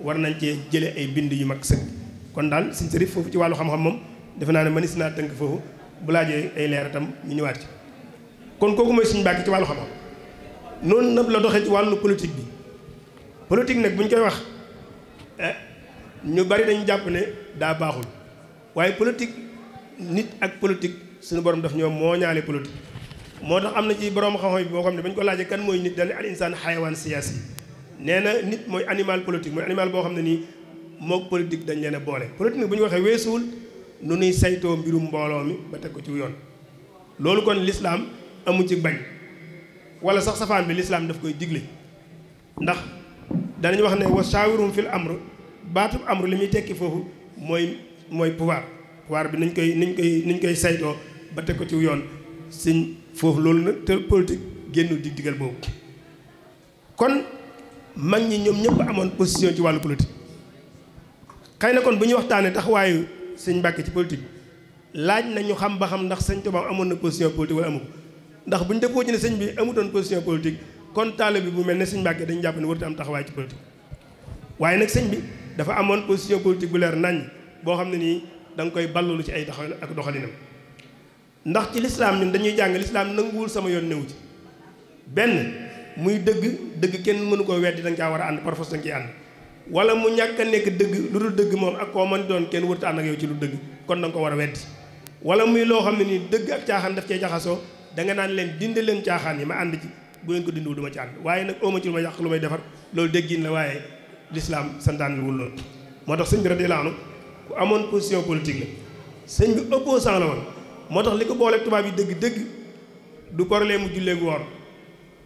war nañ cee jële ay bind yu mag sëkk kon daal suñ sërif foofu ci wàllu xam-xam moom defe naa ne mënees naa tënk foofu bu laajee ay leer itam ñu ñëwaat ci kon kooku mooy suñu bàkki ci wàllu xam-xam noonu nag la doxee ci wàllu politique bi politique nag bu ñu koy wax eh, ñu bari dañu jàpp ne daa baaxul waaye politique nit ak politique suñu borom daf ñoo moo ñaale politique moo tax am na ci borom xam-xam bi boo xam ne bañ ko laajee kan mooy nit daal al insaan xayawaan siyaasi nee na nit mooy animal politique mooy animal boo xam ne nii mook politique dañ leen boole politique nag bu ñu waxee weesuwul nu nuy saytoo mbirum mbooloo mi ba teg ko ci yoon loolu kon lislaam amu ci bañ wala sax safaan bi lislaam daf koy digle ndax danañ wax ne wa fil amr baatub amr li muy tekki foofu mooy mooy pouvoir pouvoir bi nañ koy niñ koy niñ koy saytoo ba teg ko ci yoon siñ foofu loolu nag te politique génnu dig digal boobu kon mag ñi ñoom ñëpp amoon position ci wàllu politique xay na kon bu ñu waxtaanee taxawaayu sëñ Mbàkke ci bi laaj ñu xam ba xam ndax sëñ Tuubaa amoon na position politique wala amu ndax bu ñu dëppoo ci ne sëñ bi amutoon position politique kon taalibe bi bu mel ne sëñ Mbàkke dañu jàpp ne warut am taxawaay ci politique. waaye nag sëñ bi dafa amoon position politique bu leer nañ boo xam ne nii danga koy ballulu ci ay doxal ak doxalinam ndax ci lislaam ñun dañuy jàng lislaam nanguwul sama yoon new ci benn muy dëgg dëgg kenn mënu koo weddi da nga caa ànd par force da nga wala mu ñàkk a nekk dëgg lu dul dëgg moom ak koo mën doon kenn wërta ànd ak yow ci lu dëgg kon danga ko war a weddi wala muy loo xam ne nii dëgg ak caaxaan daf cee jaxasoo da nga naan leen dindi leen caaxaan yi ma ànd ci bu leen ko dindi du ma ci ànd waaye nag ooma ci lu ma yàq lu may defar loolu déggin la waaye lislaam santaanel wul loolu moo tax sëñ bi radiyallaahu anhu ku amoon position politique la sëñ bi opposant la woon moo tax li ko boole tubaab yi dëgg-dëgg du problème mu julleegu woor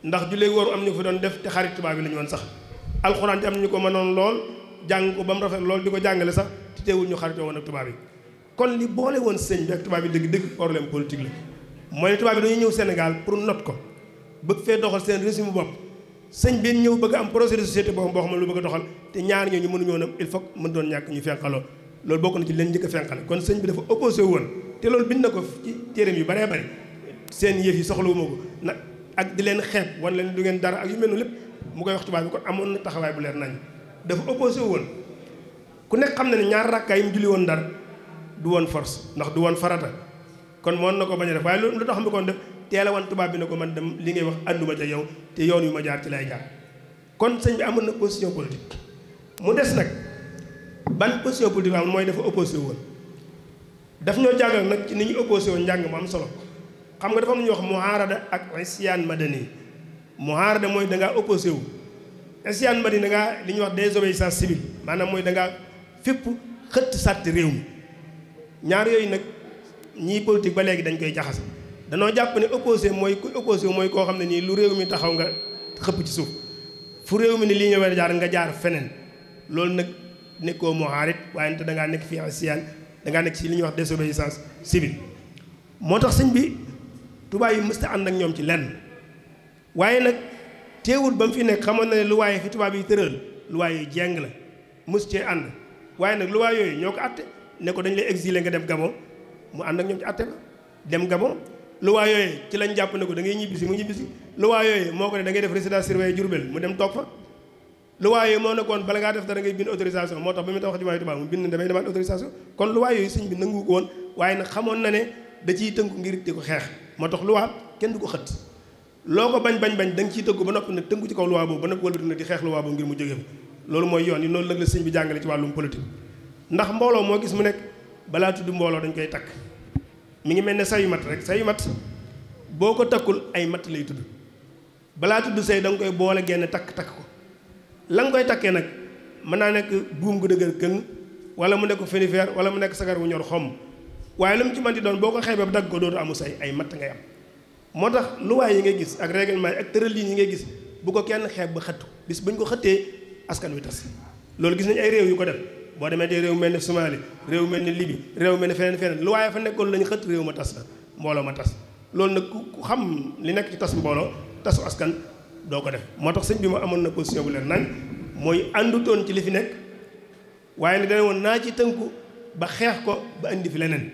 ndax julleegu woor am ñu fa doon def te xarit tubaab yi la woon sax alxuraan ji am ñu ko mënoon lool jàng ko ba mu rafet lool di ko jàngale sax te ñu xaritoo woon ak tubaab yi kon li boole woon sëñ bi ak tubaab yi dëgg-dëgg problème politique la mooy ne tubaab yi dañuy ñëw Sénégal pour not ko bëgg fee doxal seen régime bopp sëñ bi ñëw bëgg am projet de société boobu boo xam lu bëgg a doxal te ñaar ñooñu mënuñoo nag il faut mën doon ñàkk ñu fenqaloo loolu bokk na ci leen njëkk a fenqale kon sëñ bi dafa opposé woon te loolu bind na ko ci téeréem yu baree bari seen yëf yi soxlawuma ko nag ak di leen xeeb wan leen du ngeen dara ak yu mel noonu lépp mu koy wax tubaab bi kon amoon na taxawaay bu leer nañ dafa opposé woon ku nekk xam na ne ñaar rakkaa yi mu julli woon ndar du woon force ndax du woon farata kon moon na ko bañ a def waaye lu tax mu ko def teel a wan bi ne ko man dem li ngay wax ànduma ca yow te yoon yu ma jaar ci lay kon sëñ amoon na position politique mu des nag ban position politique mooy dafa opposé woon daf ñoo jàngal nag ni ñu opposé woon njàng mu am solo xam nga dafa am ñu wax muharada ak ay isyaan madani muhaarada mooy da ngaa opposé wu isyan ma di da ngaa li ñuy wax désobéissance civile maanaam mooy dangaa ngaa fépp xëtt sàtt réew mi ñaar yooyu nag ñii politique ba léegi dañ koy jaxase danoo jàpp ne opposé mooy ku opposé wu mooy koo xam ne nii lu réew mi taxaw nga xëpp ci suuf fu réew mi ni lii nga war jaar nga jaar feneen loolu nag nekkoo muhaarid waaye nte da ngaa nekk fii isyan da ngaa nekk ci li ñuy wax désobéissance civile moo tax sëñ bi tubaab yi mësta ànd ak ñoom ci lenn waaye nag teewul ba mu fi nekk xamoon na ne luwaay fi tubaab yi tëral luwaay yi jeng la mës cee ànd waaye nag luwaay yooyu ñoo ko àtte ne ko dañu lay exilé nga dem Gabon mu ànd ak ñoom ci àtte ba dem Gabon luwaay yooyu ci lañ jàpp ne ko da ngay ñibbisi mu ñibbisi luwaay yooyu moo ko ne da def def résidence surveillée Diourbel mu dem toog fa luwaay yooyu moo nekkoon bala ngaa def dara ngay bind autorisation moo tax ba mu tax jumaa Tuubaa mu bind damay demaat autorisation kon luwaay yooyu sëñ woon waaye nag xamoon na ne da ciy ngir di ko xeex moo tax luwaa kenn du ko xët loo ko bañ bañ bañ da nga ciy tëggu ba nopp nag tënku ci kaw luwaa boobu ba noppi wëlbati nag di xeex luwaa boobu ngir mu jóge loolu mooy yoon yi noonu nag la sëñ bi jàngale ci wàllum politique ndax mbooloo moo gis mu nekk balaa tudd mbooloo dañ koy takk mi ngi mel ne sayu mat rek sayu mat boo ko takkul ay mat lay tudd balaa tudd say da nga koy boole genn takk takk ko la nga koy takkee nag mën naa nekk buum gu dëgër këng wala mu nekk fenifeer wala mu nekk sagar wu ñor xomm waaye lu mu ci doon boo ko xeebee ko dootu amu say ay matt ngay am moo tax luwaay yi ngay gis ak règlement ak tërëlin yi ngay gis bu ko kenn xeeb ba xëttu bis bu ñu ko xëttee askan wi tas loolu gis nañu ay réew yu ko def boo demee tey réew mel ni Somalie réew mel ni Libye réew mel ni feneen feneen luwaay fa nekkoon lañu xëtt réew ma tas la mbooloo ma tas loolu nag ku xam li nekk ci tas mbooloo tasu askan doo ko def moo tax sëñ bi ma amoon na position bu leer nañ mooy àndutoon ci li fi nekk waaye nag dana woon naa ci tënku ba xeex ko ba indi fi leneen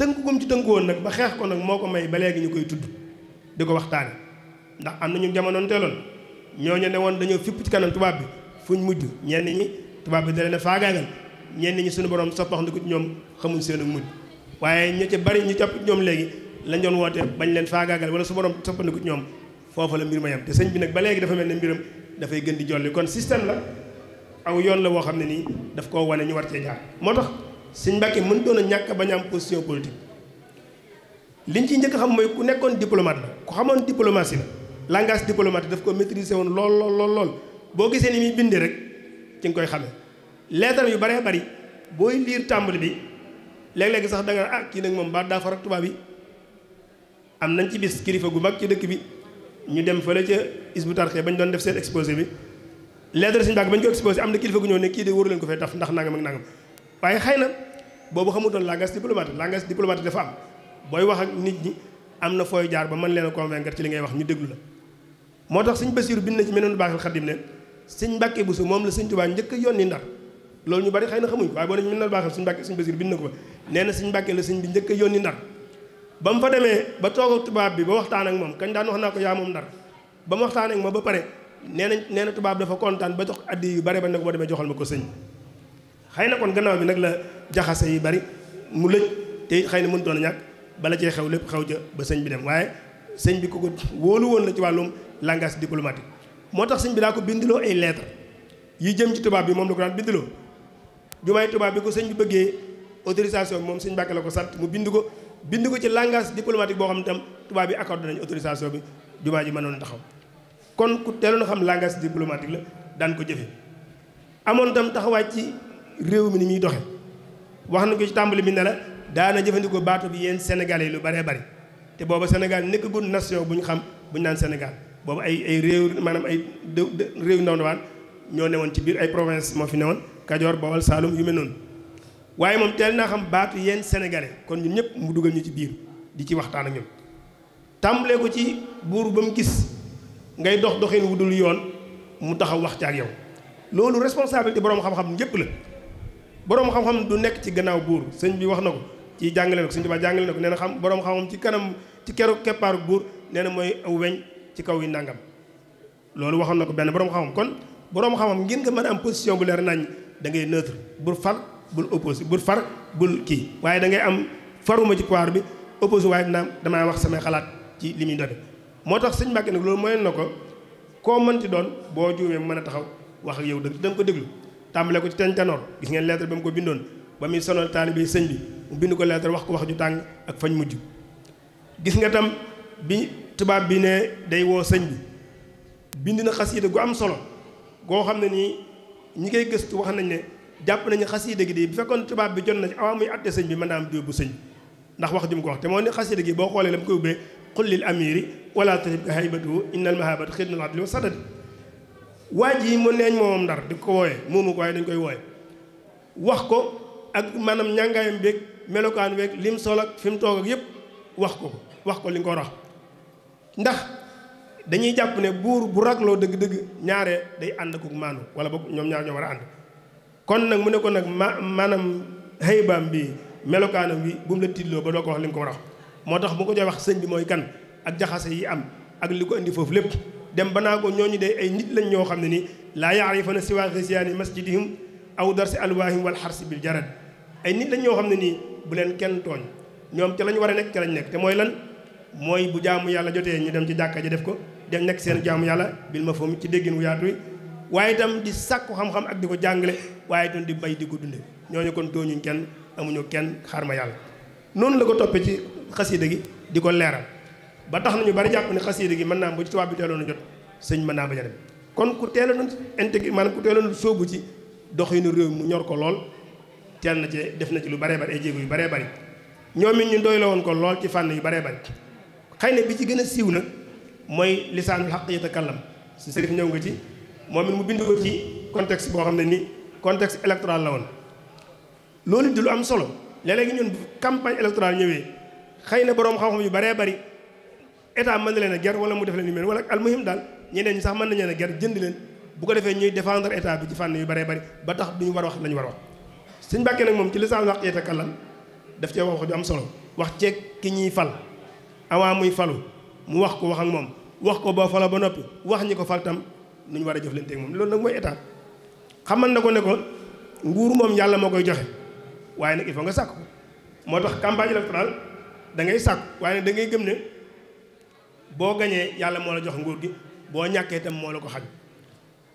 tënku gum ci tënku woon nag ba xeex ko nag moo ko may ba léegi ñu koy tudd di ko waxtaane ndax am na ñu jamonoon teeloon ñooñu ne woon dañoo fipp ci kanam tubaab bi fuñ mujj ñenn ñi tubaab bi da leen a faagaagal ñenn ñi suñu borom soppax ci ñoom xamuñ seen ak mujj waaye ña ca bari ñu jàpp ñoom léegi lañ doon woote bañ leen faagaagal wala su borom soppandi ci ñoom foofa la mbir ma yem te sëñ bi nag ba léegi dafa mel ne mbiram dafay gën di jolli kon système la aw yoon la woo xam ne nii daf koo wane ñu war cee jaar moo tax sëñ Mbacke mën doon a ñàkk bañ am position politique liñ ci njëkk xam mooy ku nekkoon diplomate la ku xamoon diplomatie la langage diplomatique daf ko maîtriser woon lool lool lool lool boo gisee ni muy bindee rek ci nga koy xamee yu baree bari booy lire tàmbali bi léeg-léeg sax da nga ah kii nag moom ba daa farak tubaab bi am nañ ci bis kilifa gu mag ci dëkk bi ñu dem fële ca isbu tarxee bañ doon def seen exposé bi lettre sëñ Mbacke bañ ko exposé am na kilifa gu ñëw ne kii de wóoru leen ko fay daf ndax nangam ak nangam waaye xay na boobu xamutoon langage diplomatique langage diplomatique dafa am booy wax ak nit ñi am na fooy jaar ba man leen a convaincre ci li ngay wax ñu déglu la moo tax sëñ Basiiru bind na ci menoon baaxal xadim ne sëñ Mbàkke Buso moom la sëñ Tuubaa njëkk yoon yónni Ndar loolu ñu bari xëy na xamuñ ko na baaxal sëñ Mbàkke sëñ Basiiru bind na ko ba nee na sëñ Mbàkke la sëñ bi njëkk a yónni Ndar ba mu fa demee ba toog tubaab bi ba waxtaan ak moom kañ daan wax naa ko yaa moom Ndar ba mu waxtaan ak moom ba pare nee na nee na tubaab dafa kontaan ba jox addi yu bare ba ne ko boo demee joxal ma ko sëñ xëy na kon gannaaw bi nag la jaxase yi bari mu lëj te it xëy na mënutoon a ñàkk bala cee xew lépp xew ja ba sëñ bi dem waaye sëñ bi ku ko wóolu woon la ci wàllum langage diplomatique. moo tax sëñ bi daa ko bindiloo ay lettre yi jëm ci tubaab bi moom la ko daan bindiloo jumaay tubaab bi ko sëñ bi bëggee autorisation bi moom sëñ Mbàkke la ko sant mu bind ko bind ko ci langage diplomatique boo xam ne tam tubaab bi accordé nañu autorisation bi jumaa ji mënoon a taxaw kon ku teeloon xam langage diplomatique la daan ko jëfe réew mi ni muy doxe wax na ko ci tàmbali bi ne la daana jëfandikoo baatu bi yéen Sénégalais yi lu baree bari te booba Sénégal nekkagul nation bu ñu xam bu ñu naan Sénégal boobu ay ay réew maanaam ay réew ndaw ndawaan ñoo newoon ci biir ay province moo fi newoon Kajoor Bawol Saalum yu mel noonu waaye moom teel naa xam baatu yéen Sénégalais kon ñun ñëpp mu dugal ñu ci biir di ci waxtaan ak ñun tàmbalee ko ci buur ba mu gis ngay dox doxin wudul yoon mu taxaw wax ci ak yow loolu responsabilité boroom xam-xam ñëpp la boroom xam-xam du nekk ci gannaaw buur sëñ bi wax na ko ci jàngale na ko sëñ Tuubaa jàngale na ko nee xam boroom xam-xam ci kanam ci keru keppaaru buur nee mooy aw weñ ci kaw yi nangam loolu waxoon na ko benn boroom xam-xam kon boroom xam-xam ngir nga mën a am position bu leer nañ da ngay neutre bul far bul opposé bul far bul kii waaye da ngay am faruma ci pouvoir bi opposé waaye dina damaa wax samay xalaat ci li muy doon moo tax sëñ Mbàkke nag loolu mooy na ko koo mënti doon boo juumee mën a taxaw wax yow dëgg da ko déglu tàmbale ko ci tencanoor gis ngeen lettre ba mu ko bindoon ba muy sonal taalibe sëñ bi mu bind ko lettre wax ko wax ju tàng ak fañ mujj gis nga tam bi tubaab bi ne day woo sëñ bi bind na xasiida gu am solo goo xam ne nii ñi koy gëstu wax nañ ne jàpp nañu xasiida gi de bu fekkoon tubaab bi jot na ci avant muy àtte sëñ bi mën naa am diw bu sëñ ndax wax ji mu ko wax te moo ne xasiida gi boo xoolee la mu koy ubbee xullil amiri wala tahib ka haybatu innal mahabatu waa ji mu neeñ moomam ndar di ko wooyee moomu ko waaye dañ koy wooye wax ko ak maanaam ñàngaayam beeg melokaan beeg lim sol ak fi mu toog ak yëpp wax ko wax ko li nga ko ndax dañuy jàpp ne buur bu ragloo dëgg-dëgg ñaare day ànd ko maanu wala boog ñoom ñaar war a ànd kon nag mu ne ko nag ma maanaam xëybaam bi melokaanam bi bu la tiitloo ba doo ko wax li nga ko war a moo tax bu ko jox wax sëñ bi mooy kan ak jaxase yi am ak li ko indi foofu lépp dem ba naa ñoo ñu de ay nit lañ ñoo xam ne ni laa yaarifana siwaa xisyaani masjidihim aw darsi alwaahim wal xarsi bil jarad ay nit lañ ñoo xam ne nii bu leen kenn tooñ ñoom ca lañ war a nekk ca lañ nekk te mooy lan mooy bu jaamu yàlla jotee ñu dem ci jàkka ji def ko dem nekk seen jaamu yàlla bil ma mu ci déggin wu yaatu waaye itam di sàkku xam-xam ak di ko jàngale waaye itam di bay di ko dunde ñooñu kon tooñuñ kenn amuñu kenn xarma yàlla noonu la ko toppee ci xasida gi di ko leeral ba tax nañu bari jàpp ne xasiida gi mën naa bu ci tubaab bi teeloon a jot sëñ mën naa bañ a dem kon ku teeloon intégré maanaam ku teeloon sóobu ci doxinu réew mu ñor ko lool teel na ci def na ci lu baree bari ay jéego yu baree bari ñoom it ñu doy la woon ko lool ci fànn yu baree bari xëy na bi ci gën a siiw nag mooy lisaanul xaq yatakallam si sërif ñëw nga ci moom it mu bind ko ci contexte boo xam ne ni contexte électoral la woon loolu di lu am solo léeg-léegi ñun campagne électorale ñëwee xëy na boroom xam yu baree bari état mën na leen a ger wala mu def leen yu mel wala almuhim daal ñeneen ñi sax mën nañ leen a ger jënd leen bu ko defee ñuy défendre état bi ci fànn yu bëree bëri ba tax duñu war a wax lañu war a wax suñ bàkkee nag moom ci lisaan wax yee takallam daf cee wax ju am solo wax ceeg ki ñuy fal avant muy falu mu wax ko wax ak moom wax ko ba falo ba noppi wax ñi ko fal tam nu ñu war a jëflante ak moom loolu nag mooy etaa xamal na ko ne ko nguur moom yàlla moo koy joxe waaye nag il faut nga sàkk ko moo tax campagne électorale da ngay sàkk waaye da ngay gëm ne boo gañee yàlla moo la jox nguur gi boo ñàkkee itam moo la ko xañ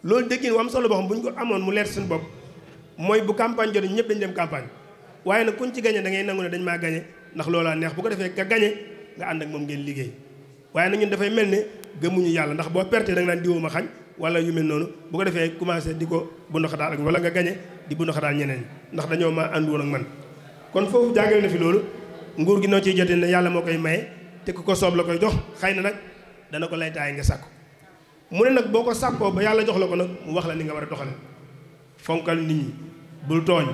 loolu dëkkin wu solo boo xam bu ñu ko amoon mu leer suñu bopp mooy bu campagne jotee ñëpp dañu dem campagne waaye nag kuñ ci gañee da ngay nangu ne dañ maa gañe ndax loolaa neex bu ko defee ka gañe nga ànd ak moom ngeen liggéey waaye nag ñun dafay mel ne gëmuñu yàlla ndax boo perte da nga naan diwuma xañ wala yu mel noonu bu ko defee commencé di ko bund xataal ak wala nga gañe di bund xataal ñeneen ndax dañoo ma ànd woon man kon foofu jàngale fi loolu nguur gi noo ciy jotee ne yàlla moo koy maye te ku ko soob la koy jox xay na nag dana ko lay nga sàkku mu ne nag boo ko sàkkoo ba yàlla jox la ko nag mu wax la ni nga war a doxale fonkal nit ñi bul tooñ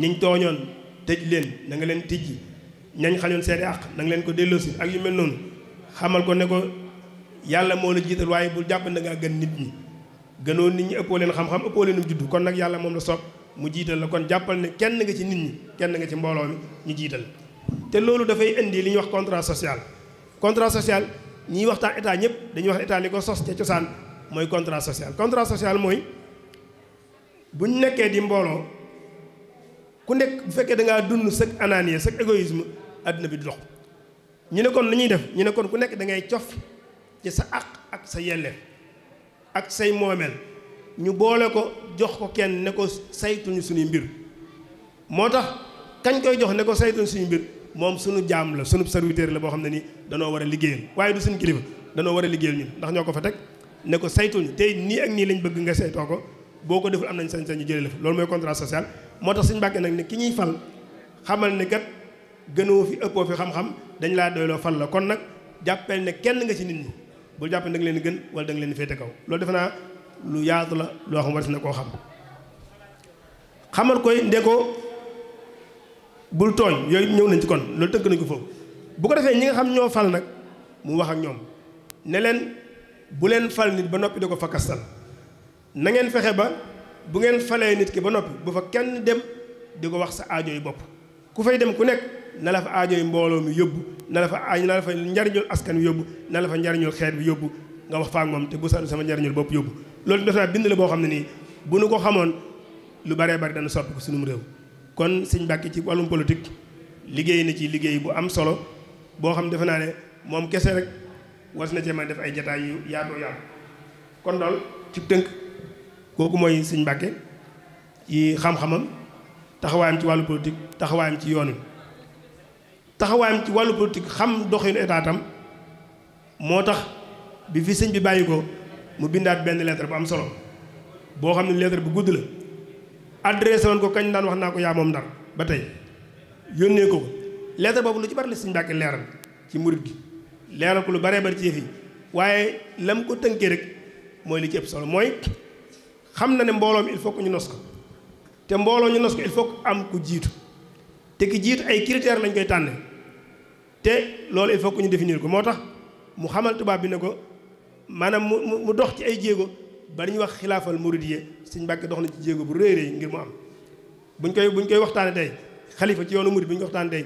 ñiñ tooñoon tëj leen na nga leen tijji ñañ xañoon seeni àq na nga leen ko delloosi ak yu mel noonu xamal ko ne ko yàlla moo la jiital waaye bul jàpp na ngaa gën nit ñi gënoon nit ñi ëppoo leen xam-xam ëppoo leen juddu kon nag yàlla moom la soob mu jiital la kon jàppal ne kenn nga ci nit ñi kenn nga ci mbooloo ñu jiital te loolu dafay indi li ñuy wax contrat social contrat social ñiy waxtaan état ñëpp dañuy wax état li ko sos ca cosaan mooy contrat social contrat social mooy bu ñu nekkee di mbooloo ku nekk bu fekkee da ngaa dund sa ananie sa égoïsme àdduna bi du dox ñu ne kon lu ñuy def ñu nekkoon ku nekk da ngay cof ci sa àq ak sa yelleef ak say moomeel ñu boole ko jox ko kenn ne ko saytuñu suñuy mbir moo tax kañ koy jox ne ko saytuñu suñu mbir moom sunu jaam la sunu serviteur la boo xam ne ni danoo war a liggéeyal waaye du suñu kilifa danoo war a liggéeyal ñun ndax ñoo ko fa teg ne ko saytul ñu tey nii ak nii lañ bëgg nga saytoo ko boo ko deful am nañ sañ-sañ ñu jëlee la fa loolu mooy contrat social moo tax suñu Mbàkke nag ne ki ñuy fal xamal ne kat gënoo fi ëppoo fi xam-xam dañ laa doyloo fal la kon nag jàppel ne kenn nga ci nit ñi bu jàpp ne da leen gën wala da leen féete kaw loolu defe naa lu yaatu la loo xam war na xam xamal bul tooñ yooyu ñëw nañ ci kon loolu tënk nañ ko foofu bu ko defee ñi nga xam ñoo fal nag mu wax ak ñoom ne leen bu leen fal nit ba noppi di ko fakastal na ngeen fexe ba bu ngeen falee nit ki ba noppi bu fa kenn dem di ko wax sa aajo yi bopp ku fay dem ku nekk na la fa aajo yu mbooloo mi yóbbu na la fa aaj na la fa njariñul askan wi yóbbu na la fa njariñul xeet bi yóbbu nga wax fa ak moom te bu sa sama njariñul bopp yóbbu loolu def naa bind la boo xam ne nii bu nu xamoon lu baree bari dana soppi ko sunum réew kon sëñ Mbàkke ci wàllum politique liggéey na ci liggéey bu am solo boo xam defe naa ne moom kese rek was na cee mën def ay jataay yu yaatoo yaatu kon daal ci tënk kooku mooy sëñ Mbàkke ci xam-xamam taxawaayam ci wàllu politique taxawaayam ci yoon wi taxawaayam ci wàllu politique xam doxin etaatam moo tax bi fi sëñ bi bàyyi ko mu bindaat benn lettre bu am solo boo xam ne lettre bu gudd la adressé woon ko kañ daan wax naa ko yaa moom ndar ba tey yónnee ko ko lettre boobu lu ci bari la Sëñ Mbàkke leeral ci murit gi leeral ko lu baree bari ci yëf yi waaye lam ko tënkee rek mooy li ci ëpp solo mooy xam na ne mbooloom il faut que ñu nos ko te mbooloo ñu nos ko il faut que am ku jiitu te ki jiitu ay critères lañ koy tànne te loolu il faut que ñu définir ko moo tax mu xamal tubaab bi ne ko maanaam mu mu dox ci ay jéego ba dañuy wax xilaafal muridiyya sëñ Mbàkke dox na ci jéego bu réer rëy ngir mu am buñ koy buñ koy waxtaane tey xalifa ci yoonu murid buñ koy waxtaane tey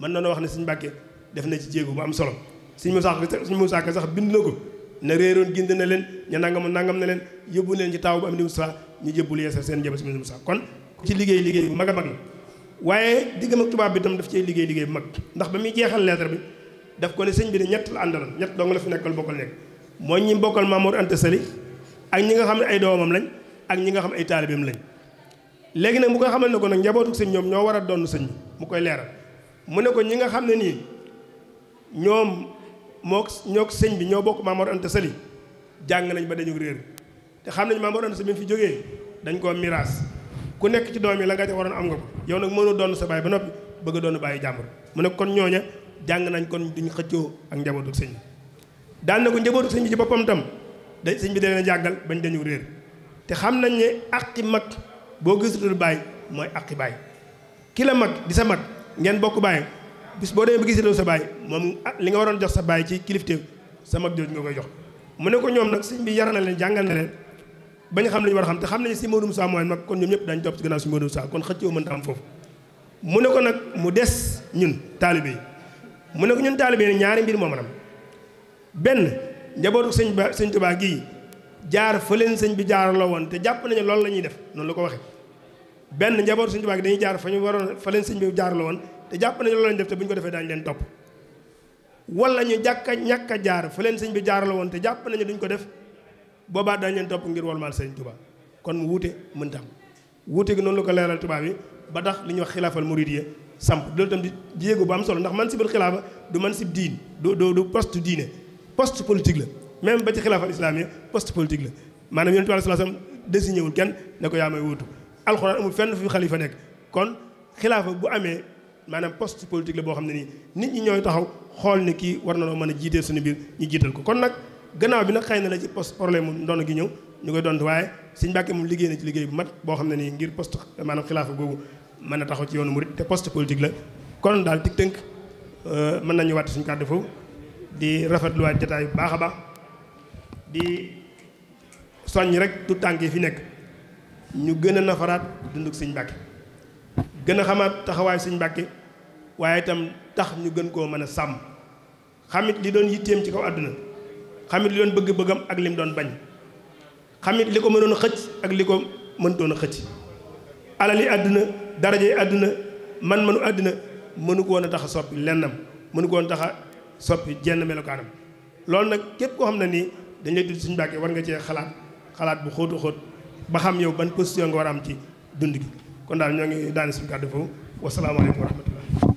mën na noo wax ne sëñ Mbàkke def na ci jéego bu am solo sëñ Musaa sëñ Musaa Ka sax bind na ko ne réeroon gind na leen ña nangam nangam na leen yóbbu leen ci taw bu am ni di Musaa ñu jëbbul yeesal seen jëbal si Musaa kon ku ci liggéey liggéey bu mag a mag la waaye diggam ak tubaab bi tam daf cay liggéey liggéey bu mag ndax ba muy jeexal lettre bi ko ne sëñ bi ne ñett la àndaloon ñett dong la fi nekkal bokkal nekk mooy ñi bokkal Mamour Anta Sali ak ñi nga xam ne ay doomam lañ ak ñi nga xam ay taalibeem lañ léegi nag mu koy xamal ne ko njabootu sëñ ñoom ñoo war a doon sëñ mu koy leeral mu ne ko ñi nga xam ne nii ñoom moo ñoo sëñ bi ñoo bokk Maam Mor Anta Sali jàng nañ ba dañu réer te xam nañ Maam Mor Anta Sali fi jógee dañ koo miraas ku nekk ci doom yi la nga ca waroon am nga ko yow nag mënoo donn sa baay ba noppi bëgg a doon bàyyi jàmbur mu ne kon ñooña jàng nañ kon duñ xëccoo ak njabootu sëñ bi daan na ko njabootu sëñ ci boppam tam da sëñ bi da leen a jàngal bañ réer te xam nañ ne aqi mag boo gisatul baay mooy aqi baay ki la mag di sa mag ngeen bokk baay bis boo demee ba gisatul sa baay moom ah, li nga waroon jox sa baay ci kilifteef sa mag jooju nga koy jox. mu ne ko ñoom nag sëñ bi yar na leen jàngal na leen ba ñu xam li ñu war a xam te xam nañ si Modou Moussa mooy mag kon ñoom ñëpp dañ topp si gannaaw si Modou Moussa kon xëccoo mënta am foofu. mu ne ko nag mu des ñun taalibe yi mu ne ko ñun taalibe yi ñaari mbir moo mën am sëñ ba sëñ Tuubaa gii. jaar fa leen bi jaar la woon te jàpp nañu loolu la ñuy def noonu la ko waxee benn njaboot sëñ Tuubaa dañuy jaar fa ñu waroon fa leen bi jaar la woon te jàpp nañu loolu lañ def te buñ ko defee dañ leen topp wala ñu jàkka ñàkk a jaar fa leen bi jaar la woon te jàpp nañu duñ ko def boobaa dañ leen topp ngir walmaal sëñ tuba kon wuute mën tam wuute gi noonu la ko leeral tubaab yi ba tax li ñu wax xilaafal muridiyya samp do tam di jéego bu am solo ndax man sibul xilaafa du man sib diin du du poste diine poste politique la même ba ci xilaafal islaam yi poste politique la maanaam yonent bi aleyhi salaam désigné wul kenn ne ko yaa may wuutu alxuraan amul fenn fi xalifa nekk kon xilaafa bu amee maanaam post politique la boo xam ne nii nit ñi ñooy taxaw xool ne kii war na noo mën a jiitee suñu biir ñu jiital ko kon nag gannaaw bi nag xëy na la ci poste problème mu ndono gi ñëw ñu koy doon waaye Sëñ Mbàkke moom liggéey na ci liggéey bu mat boo xam ne nii ngir poste maanaam xilaafa googu mën a taxaw ci yoonu murit te poste politique la kon daal tig tënk euh, mën nañu wàtte suñu kàddu di rafetluwaat jataay bu baax a baax di soññ rek du tànk yi fi nekk ñu gën a nafaraat dunduk sëñ Mbàkke gën a xamaat taxawaay sëñ Mbàkke waaye itam tax ñu gën koo mën a sàmm xamit li doon yitteem ci kaw àdduna xamit li doon bëgg-bëggam ak li mu doon bañ xamit li ko mënoon xëcc ak li ko mëntoon a xëcc alali àdduna daraje àdduna man manu àdduna mënu ko woon a tax a soppi lennam mënu ko tax soppi jenn melokaanam loolu nag képp koo xam ne nii dañ lay tudd suñu Mbàkke war nga cee xalaat xalaat bu xóotu xóot ba xam yow ban position nga war a am ci dund gi kon daal ñoo ngi daane suñu kàddu foofu wasalaamaaleykum wa